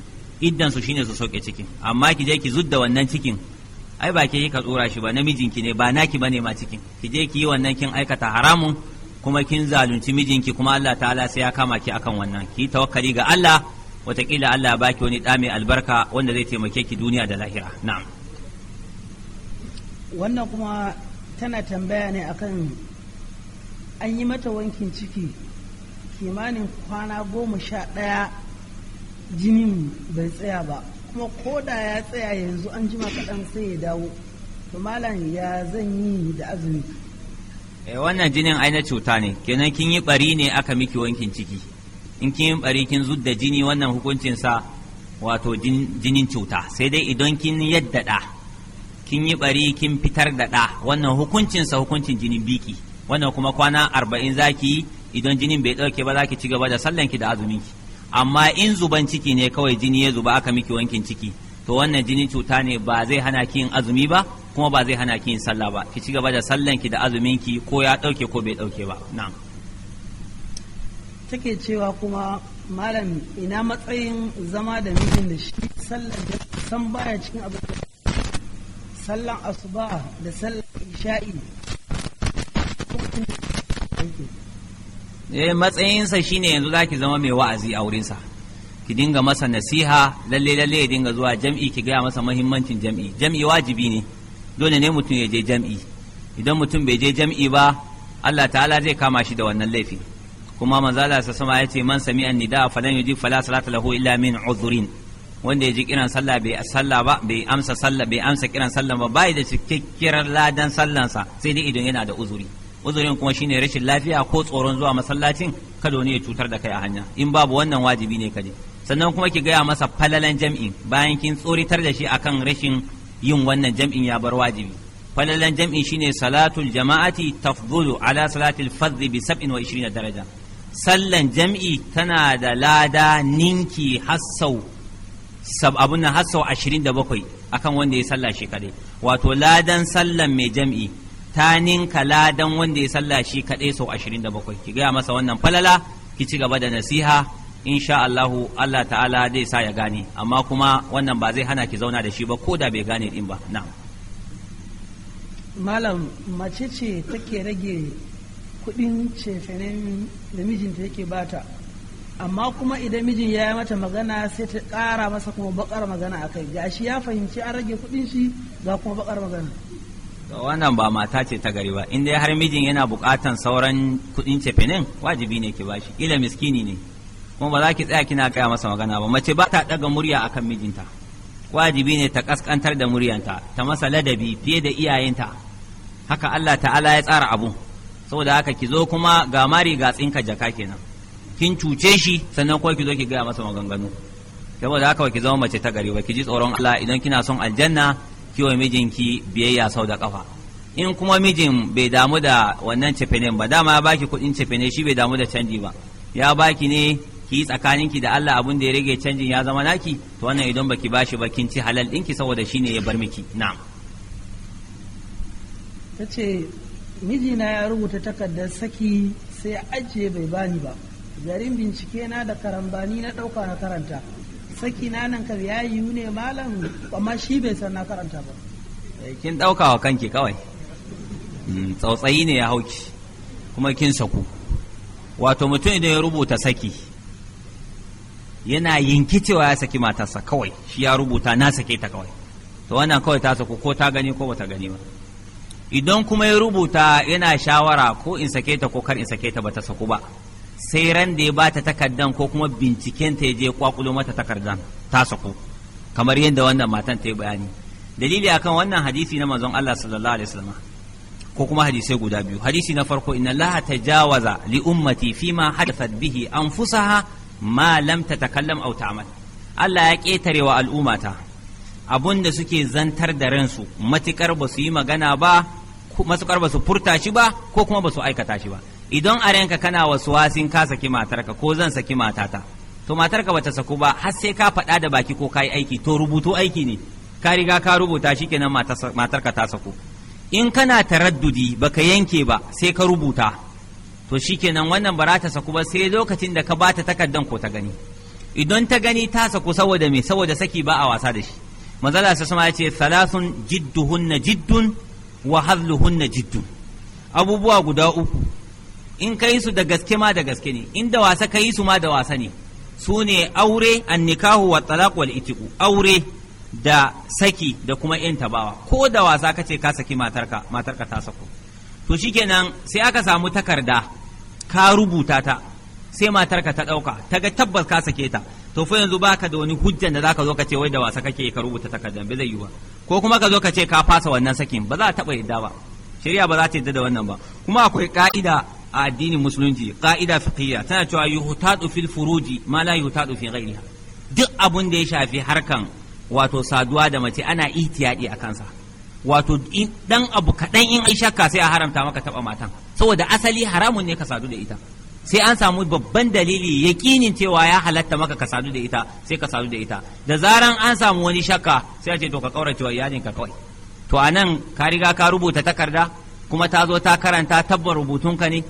iddan su shine su sauke ciki amma ki je ki zudda wannan cikin ai ba ke ka tsora shi ba namijinki ne ba naki bane ma cikin ki je ki yi wannan kin aikata haramun kuma kin zalunci mijinki kuma Allah ta'ala sai ya kama ki akan wannan ki tawakkali ga Allah watakila Allah ya baki wani ɗa mai albarka wanda zai taimake ki duniya da lahira na'am wannan kuma tana tambaya ne akan an yi mata wankin ciki kimanin kwana goma sha ɗaya jinin bai tsaya ba kuma koda ya tsaya yanzu an jima kaɗan sai ya dawo to malam ya zan yi da azumi eh wannan jinin ai na cuta ne kenan kin yi bari ne aka miki wankin ciki in kin yi bari kin zudda jini wannan hukuncin sa wato jinin cuta sai dai idan kin yadda da kin yi bari kin fitar da da wannan hukuncin sa hukuncin jinin biki wannan kuma kwana arba'in zaki idan jinin bai dauke ba zaki ci gaba da sallanki da azuminki amma in zuban ciki ne kawai jini ya zuba aka miki wankin ciki to wannan jini cuta ne ba zai hana ki yin azumi ba kuma ba zai hana ki yin sallah ba ki ci gaba da sallan ki da azumin ki ko ya dauke ko bai dauke ba na'am take cewa kuma malam ina matsayin zama da mijin da shi sallan da san baya cikin abu sallan asuba da sallan isha'i eh matsayinsa shine yanzu zaki zama mai wa'azi a wurinsa ki dinga masa nasiha lalle lalle ya dinga zuwa jam'i ki gaya masa mahimmancin jam'i jam'i wajibi ne dole ne mutum ya je jam'i idan mutum bai je jam'i ba Allah ta'ala zai kama shi da wannan laifi kuma manzala sa sama ya ce man sami an nida falan yuji fala salata lahu illa min uzurin wanda ya ji kiran sallah bai sallah ba bai amsa sallah bai amsa kiran sallah ba bai da cikakkiyar ladan sallansa sai dai idan yana da uzuri uzurin kuma shine rashin lafiya ko tsoron zuwa masallacin kada wani ya cutar da kai a hanya in babu wannan wajibi ne kaje sannan kuma ki gaya masa falalan jam'in bayan kin tsoritar da shi akan rashin yin wannan jam'in ya bar wajibi falalan jam'i shine salatul jama'ati tafdhulu ala salatil fadhi bi 27 daraja sallan jam'i tana da lada ninki hassau sab abun nan hassau 27 akan wanda ya salla shi kadai wato ladan sallan mai jam'i ta ninka ladan wanda ya sallah shi kaɗai sau ashirin da bakwai ki gaya masa wannan falala ki ci gaba da nasiha insha Allahu Allah ta'ala zai sa ya gane amma kuma wannan ba zai hana ki zauna da shi ba ko da bai gane din ba na'am malam mace ce take rage kudin cefenen da mijinta yake bata amma kuma idan mijin ya yi mata magana sai ta ƙara masa kuma bakar magana a akai gashi ya fahimci an rage kudin shi ga kuma bakar magana wannan ba mata ce ta gari ba in dai har mijin yana bukatan sauran kudin cefenin wajibi ne ki bashi ila miskini ne kuma ba za ki tsaya kina kaya masa magana ba mace ba ta daga murya akan mijinta wajibi ne ta kaskantar da muryanta ta masa ladabi fiye da iyayenta haka Allah ta'ala ya tsara abu saboda haka ki zo kuma ga mari ga tsinka jaka kenan kin cuce shi sannan ko ki zo ki gaya masa maganganu saboda haka ki zama mace ta gari ba ki ji tsoron Allah idan kina son aljanna kiwa mijinki biyayya sau da kafa in kuma mijin bai damu da wannan cefenen ba dama ya baki kuɗin cefene shi bai damu da canji ba ya baki ne ki yi tsakaninki da Allah abun da ya rage canjin ya zama naki to wannan idan baki bashi ba kin ci halal ɗinki saboda shine ya bar miki na'am tace mijina ya rubuta takardar saki sai ajiye bai bani ba garin bincike na da karambani na ɗauka na karanta saki na nan ka ya yiwu ne malam amma shi bai san na karanta ba eh, kin dauka wa kanki kawai hmm, tsautsayi ne ya hauki kuma kin saku wato mutum idan ya rubuta saki yana yinkicewa ya saki matarsa kawai shi ya rubuta na sake ta kawai to wannan kawai ta saku ko ta gani ko bata gani ba idan kuma ya rubuta yana shawara ko in sake ta ko kar in sake ta bata saku ba sai ran da ya bata takardan ko kuma binciken ta je kwakulo mata takardan ta sako kamar yadda wannan matan ta yi bayani dalili akan wannan hadisi na manzon Allah sallallahu alaihi wasallam ko kuma hadisai guda biyu hadisi na farko inna Allah tajawaza li ummati fima hadathat bihi anfusaha ma lam tatakallam aw ta'mal Allah ya ketare wa abun abunda suke zantar da ransu matukar ba su yi magana ba matukar ba su furta shi ba ko kuma ba su aikata shi ba idan a ranka kana wasin ka saki matarka ko zan saki matata to matarka bata saku ba har sai ka faɗa da baki ko kayi aiki to rubutu aiki ne ka riga ka rubuta shi shikenan matarka ta saku in kana taraddudi baka yanke ba sai ka rubuta to shikenan wannan ba ta saku ba sai lokacin da ka bata takardan ko ta gani idan ta gani ta saku saboda me saboda saki ba a wasa da shi manzala sa sama ya ce salasun jidduhunna jiddun wa hazluhunna jiddun abubuwa guda uku in ka yi su da gaske ma da gaske ne in da wasa ka yi su ma da wasa ne su ne aure an nikahu wa talaq wal itiqu aure da saki da kuma yin tabawa ko da wasa ka ce ka saki matarka matarka ta sako to shikenan sai aka samu takarda ka rubuta ta sai matarka ta dauka ta ga tabbas ka sake ta to fa yanzu baka da wani hujja da zaka zo ka ce wai da wasa kake ka rubuta takardan ba zai yi ba ko kuma ka zo ka ce ka fasa wannan sakin ba za a taba yadda ba shari'a ba za ta yadda da wannan ba kuma akwai ƙa'ida. a addinin musulunci ka'ida fiqhiyya tana cewa yuhtadu fil furuji ma la yuhtadu fi ghayriha duk abun da ya shafi harkan wato saduwa da mace ana ihtiyadi a kansa wato dan abu kadan in ai shakka sai a haramta maka taɓa matan saboda asali haramun ne ka sadu da ita sai an samu babban dalili yaƙinin cewa ya halatta maka ka sadu da ita sai ka sadu da ita da zaran an samu wani shakka sai a ce to ka kaurace wa iyalinka kawai to anan ka riga ka rubuta takarda kuma ta zo ta karanta tabbar rubutunka ne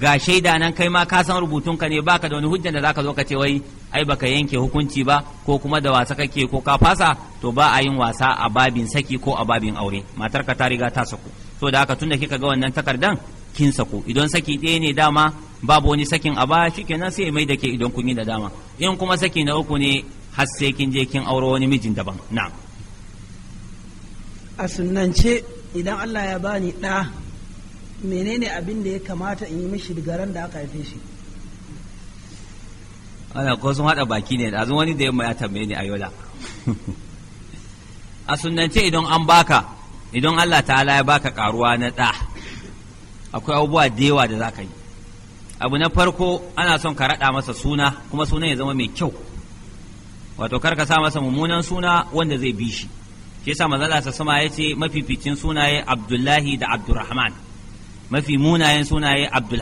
ga shaida nan kai ma ka san rubutunka ne baka da wani hujja da zaka zo ka ce wai ai baka yanke hukunci ba ko kuma da wasa kake ko ka fasa to ba a yin wasa a babin saki ko a babin aure matarka ta riga ta saku so da haka tunda kika ga wannan takardan kin saku idan saki ɗaya ne dama babu wani sakin a baya shikenan sai mai da ke idan kun yi da dama in kuma saki na uku ne har sai kin je kin auro wani mijin daban na'am a sunnance idan Allah ya bani ɗa menene abin da ya kamata in yi mishi garan da aka haife shi ana ko sun haɗa baki ne azun wani da yamma ya tambaye ni a yola a sunnance idan an baka idan Allah ta'ala ya baka karuwa na ɗa akwai abubuwa da yawa da za ka yi abu na farko ana son ka raɗa masa suna kuma sunan ya zama mai kyau wato kar ka sa masa mummunan suna wanda zai bi shi shi yasa manzala sama ya ce mafificin sunaye abdullahi da abdurrahman mafi munayen sunaye abdul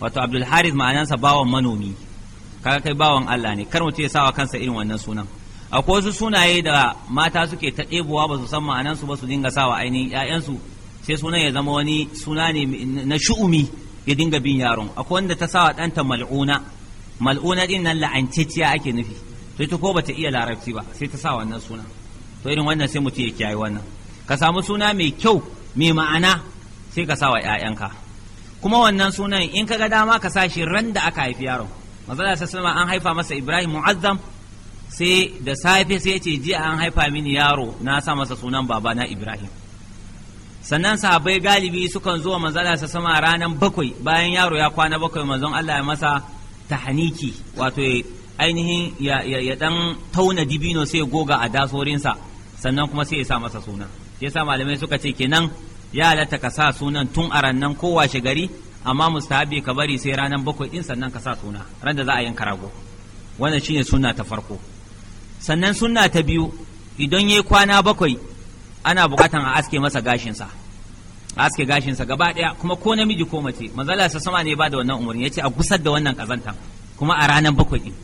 wato abdul ma'anansa bawan manomi kaga kai bawan Allah ne kar mutum ya sawa kansa irin wannan sunan akwai wasu sunaye da mata suke ta ɗebowa ba su san ma'anansu ba su dinga sawa ainihin ƴaƴansu sai sunan ya zama wani suna ne na shu'umi ya dinga bin yaron akwai wanda ta sawa ɗanta mal'una mal'una ɗin nan la'anciciya ake nufi to ita ko bata iya larabci ba sai ta sa wannan suna to irin wannan sai mutum ya kiyaye wannan ka samu suna mai kyau mai ma'ana sai ka sawa 'yayanka kuma wannan sunan in ka ga dama ka sa shi ran da aka haifi yaron manzala sallallahu an haifa masa Ibrahim mu'azzam sai da safe sai ya ce jiya an haifa mini yaro na sa masa sunan babana Ibrahim sannan sahabbai galibi sukan zo mazala sa sama ranan bakwai bayan yaro ya kwana bakwai mazan Allah ya masa tahaniki wato ainihin ya, dan tauna dibino sai goga a dasorinsa sannan kuma sai ya sa masa suna ya sa malamai suka ce kenan ya halatta ka sa sunan tun a rannan ko washe gari amma mustahabi ka bari sai ranan bakwai din sannan ka sa suna ran da za a yanka rago wannan shine sunna ta farko sannan sunna ta biyu idan yayi kwana bakwai ana bukatan a aske masa gashinsa a aske gashinsa gaba daya kuma ko namiji ko mace manzala sa sama ne ba da wannan umarni yace a gusar da wannan kazantan kuma a ranar bakwai din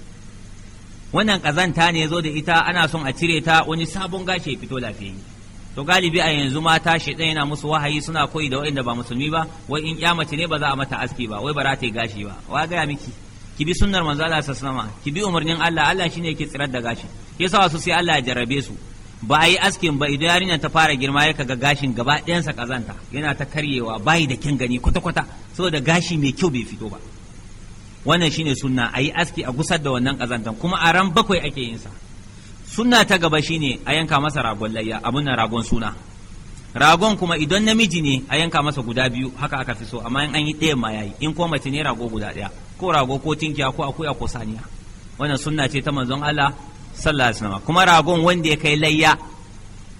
wannan kazanta ne zo da ita ana son a cire ta wani sabon gashi ya fito lafiyayye to galibi a yanzu mata shaitan yana musu wahayi suna koyi da waɗanda ba musulmi ba wai in ya mace ne ba za a mata aski ba wai ba za ta yi gashi ba wa gaya miki ki bi sunnar manzo Allah sallama ki bi umarnin Allah Allah shine yake tsirar da gashi yasa wasu sai Allah ya jarrabe su ba a yi askin ba idan yarinya ta fara girma ya kaga gashin gaba ɗayan sa kazanta yana ta karyewa bayi da kyan gani kwata-kwata saboda gashi mai kyau bai fito ba wannan shine sunna a yi aski a gusar da wannan kazantan kuma a ran bakwai ake yin sa sunna ta gaba shine a yanka masa ragon layya abun nan ragon suna ragon kuma idan namiji ne a yanka masa guda biyu haka aka fi so amma in an yi ɗaya ma yayi in ko mace ne rago guda ɗaya ko rago ko tinkiya ko akuya ko saniya wannan sunna ce ta manzon Allah sallallahu alaihi wasallam kuma ragon wanda ya kai layya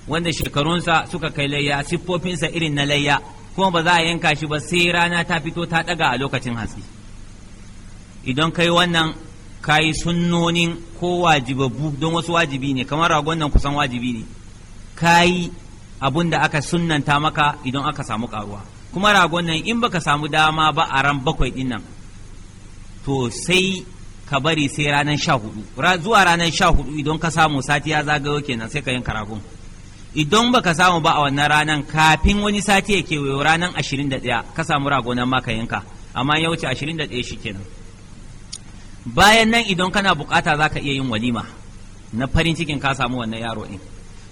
wanda shekarunsa suka kai layya siffofinsa irin na layya kuma ba za a yanka shi ba sai rana ta fito ta ɗaga a lokacin hatsi idan kai wannan kayi yi sunnonin ko wajibabu don wasu wajibi ne kamar ragon nan kusan wajibi ne kayi yi abun da aka sunnanta maka idan aka samu karuwa kuma ragon nan in baka samu dama ba a ran bakwai din nan to sai ka bari sai ranar sha hudu zuwa ranar sha hudu idan ka samu sati ya zagayo kenan sai ka yanka ragon idan baka samu ba a wannan ranar kafin wani sati ya kewayo ranar ashirin da ɗaya ka samu ragonan maka yanka amma ya wuce ashirin da ɗaya shi kenan bayan nan idan kana bukata za ka iya yin walima na farin cikin ka samu wannan yaro ɗin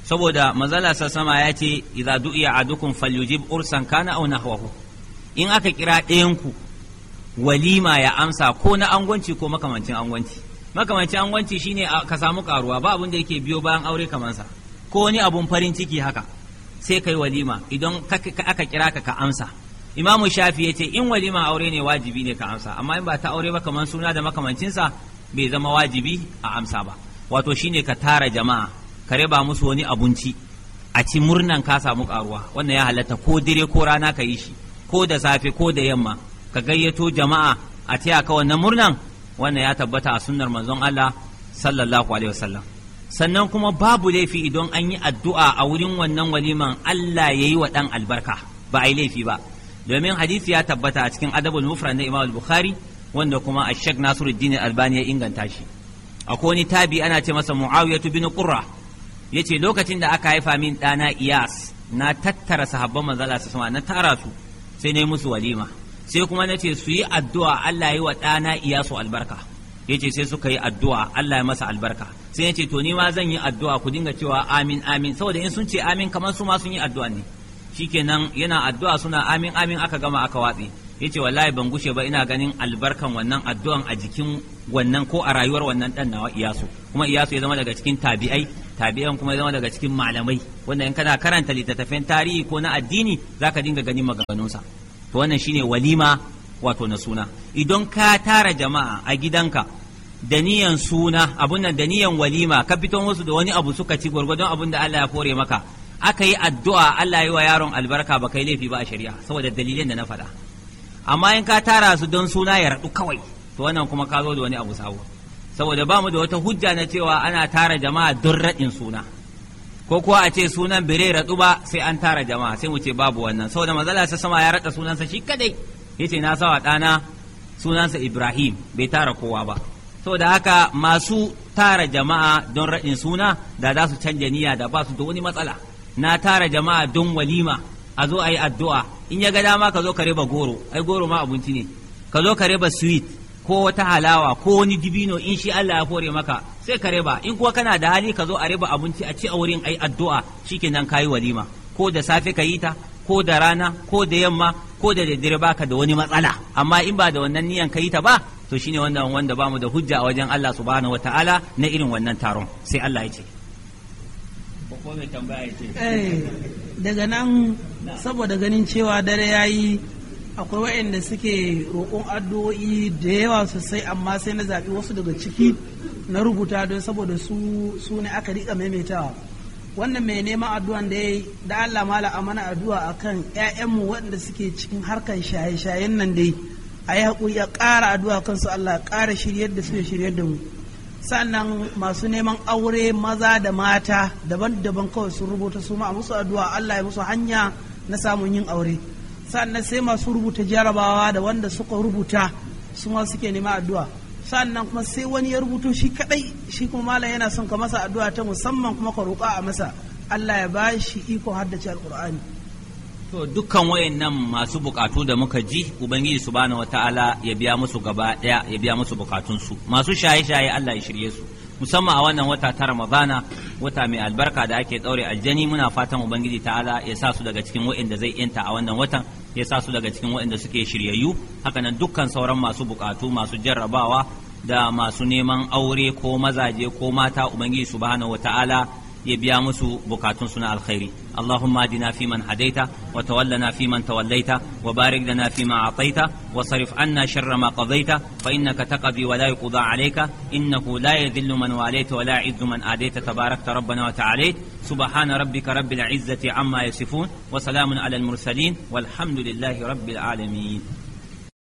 saboda mazala sama ya ce idza du'iya adukum falyujib ursan kana aw nahwahu in aka kira ku walima ya amsa ko na angwanci ko makamancin angwanci makamancin angwanci shine ka samu karuwa ba abin da yake biyo bayan aure sa ko wani abun farin ciki haka sai kai walima idan aka kira ka ka amsa imamu shafi ya ce in walima aure ne wajibi ne ka amsa amma in ba ta aure ba kamar suna da makamancinsa bai zama wajibi a amsa ba wato shine ka tara jama'a ka raba musu wani abinci a ci murnan ka samu karuwa wannan ya halatta ko dire ko rana ka yi shi ko da safe ko da yamma ka gayyato jama'a a taya ka wannan murnan wannan ya tabbata a sunnar manzon Allah sallallahu alaihi wasallam sannan kuma babu laifi idan an yi addu'a a wurin wannan waliman Allah yayi wa ɗan albarka ba a yi laifi ba domin hadisi ya tabbata a cikin adabul mufrad na Imam Bukhari wanda kuma Sheikh Nasiruddin Albani ya inganta shi akwai wani tabi ana ce masa mu'awiyatu bin Qurra yace lokacin da aka haifa min dana Iyas na tattara sahabban manzo Allah sama na tara su sai nayi musu walima sai kuma nace su yi addu'a Allah yi wa dana Iyasu albarka yace sai suka yi addu'a Allah ya masa albarka sai yace to ni ma zan yi addu'a ku dinga cewa amin amin saboda in sun ce amin kamar su ma sun yi addu'a ne Shi shikenan yana addu'a suna amin amin aka gama aka watsi ce wallahi ban gushe ba ina ganin albarkan wannan addu'an a jikin wannan ko a rayuwar wannan dan nawa iyasu kuma iyasu ya zama daga cikin tabi'ai tabi'an kuma ya zama daga cikin malamai wanda in kana karanta littattafan tarihi ko na addini zaka dinga ganin maganganunsa to wannan shine walima wato na suna idan ka tara jama'a a gidanka da niyan suna abun nan da niyan walima ka fito musu da wani abu suka ci gwargwadon abun da Allah ya kore maka aka yi addu'a Allah yi wa yaron albarka ba kai laifi ba a shari'a saboda dalilin da na faɗa amma in ka tara su don suna ya raɗu kawai to wannan kuma ka zo da wani abu sabo saboda ba mu da wata hujja na cewa ana tara jama'a don raɗin suna ko kuwa a ce sunan bire raɗu ba sai an tara jama'a sai mu ce babu wannan saboda manzala sa sama ya raɗa sunansa shi kadai ce na sawa ɗana sunansa Ibrahim bai tara kowa ba saboda haka masu tara jama'a don raɗin suna da za su canja niyya da ba su da wani matsala na tara jama'a don walima a zo a yi addu'a in ya ga dama ka zo ka riba goro ai goro ma abinci ne ka zo ka riba sweet ko wata halawa ko wani dibino in shi Allah ya fore maka sai ka riba in kuwa kana da hali ka zo a riba abinci a ci a wurin ai addu'a shikenan kayi walima ko da safe ka yi ta ko da rana ko da yamma ko da daddare baka da wani matsala amma in ba da wannan niyan ka yi ta ba to shine wannan wanda bamu da hujja a wajen Allah subhanahu wataala na irin wannan taron sai Allah ya ce Eh, daga nan saboda ganin cewa dare ya yi akwai waɗanda suke roƙon addu'o'i da yawa sosai amma sai na zaɓi wasu daga ciki na rubuta don saboda su ne aka riƙa maimaitawa wannan mai neman addu'an da ya da Allah mala amana addu'a akan ƴaƴanmu waɗanda suke cikin harkar shaye-shayen nan dai a yi haƙuri a ƙara addu'a kansu Allah ƙara shiryar da suke shiryar da mu sannan masu neman aure maza da mata daban-daban kawai sun rubuta su ma musu addu'a Allah ya musu hanya na samun yin aure sannan sai masu rubuta jarabawa da wanda suka rubuta su ma suke nema addu'a sannan kuma sai wani ya rubuto shi kadai shi kuma malam yana son ka masa addu'a ta musamman kuma ka roƙa a masa Allah ya bashi shi iko haddace alqur'ani to dukkan wayannan masu bukatu da muka ji ubangiji subhanahu wataala ya biya musu gaba daya ya biya musu bukatunsu masu shaye-shaye Allah ya shirye su musamman a wannan wata ta ramadana wata mai albarka da ake daure aljani muna fatan ubangiji ta'ala ya sa su daga cikin wa'inda zai yanta a wannan watan ya sa su daga cikin wa'inda suke shiryayyu hakanan dukkan sauran masu bukatu masu jarrabawa da masu neman aure ko mazaje ko mata ubangiji subhanahu wata'ala يبيامس بكاتون سنا الخير اللهم ادنا في من هديت وتولنا في من توليت وبارك لنا فيما اعطيت وصرف عنا شر ما قضيت فانك تقضي ولا يقضى عليك انه لا يذل من واليت ولا يعز من اديت تبارك ربنا وتعاليت سبحان ربك رب العزه عما يصفون وسلام على المرسلين والحمد لله رب العالمين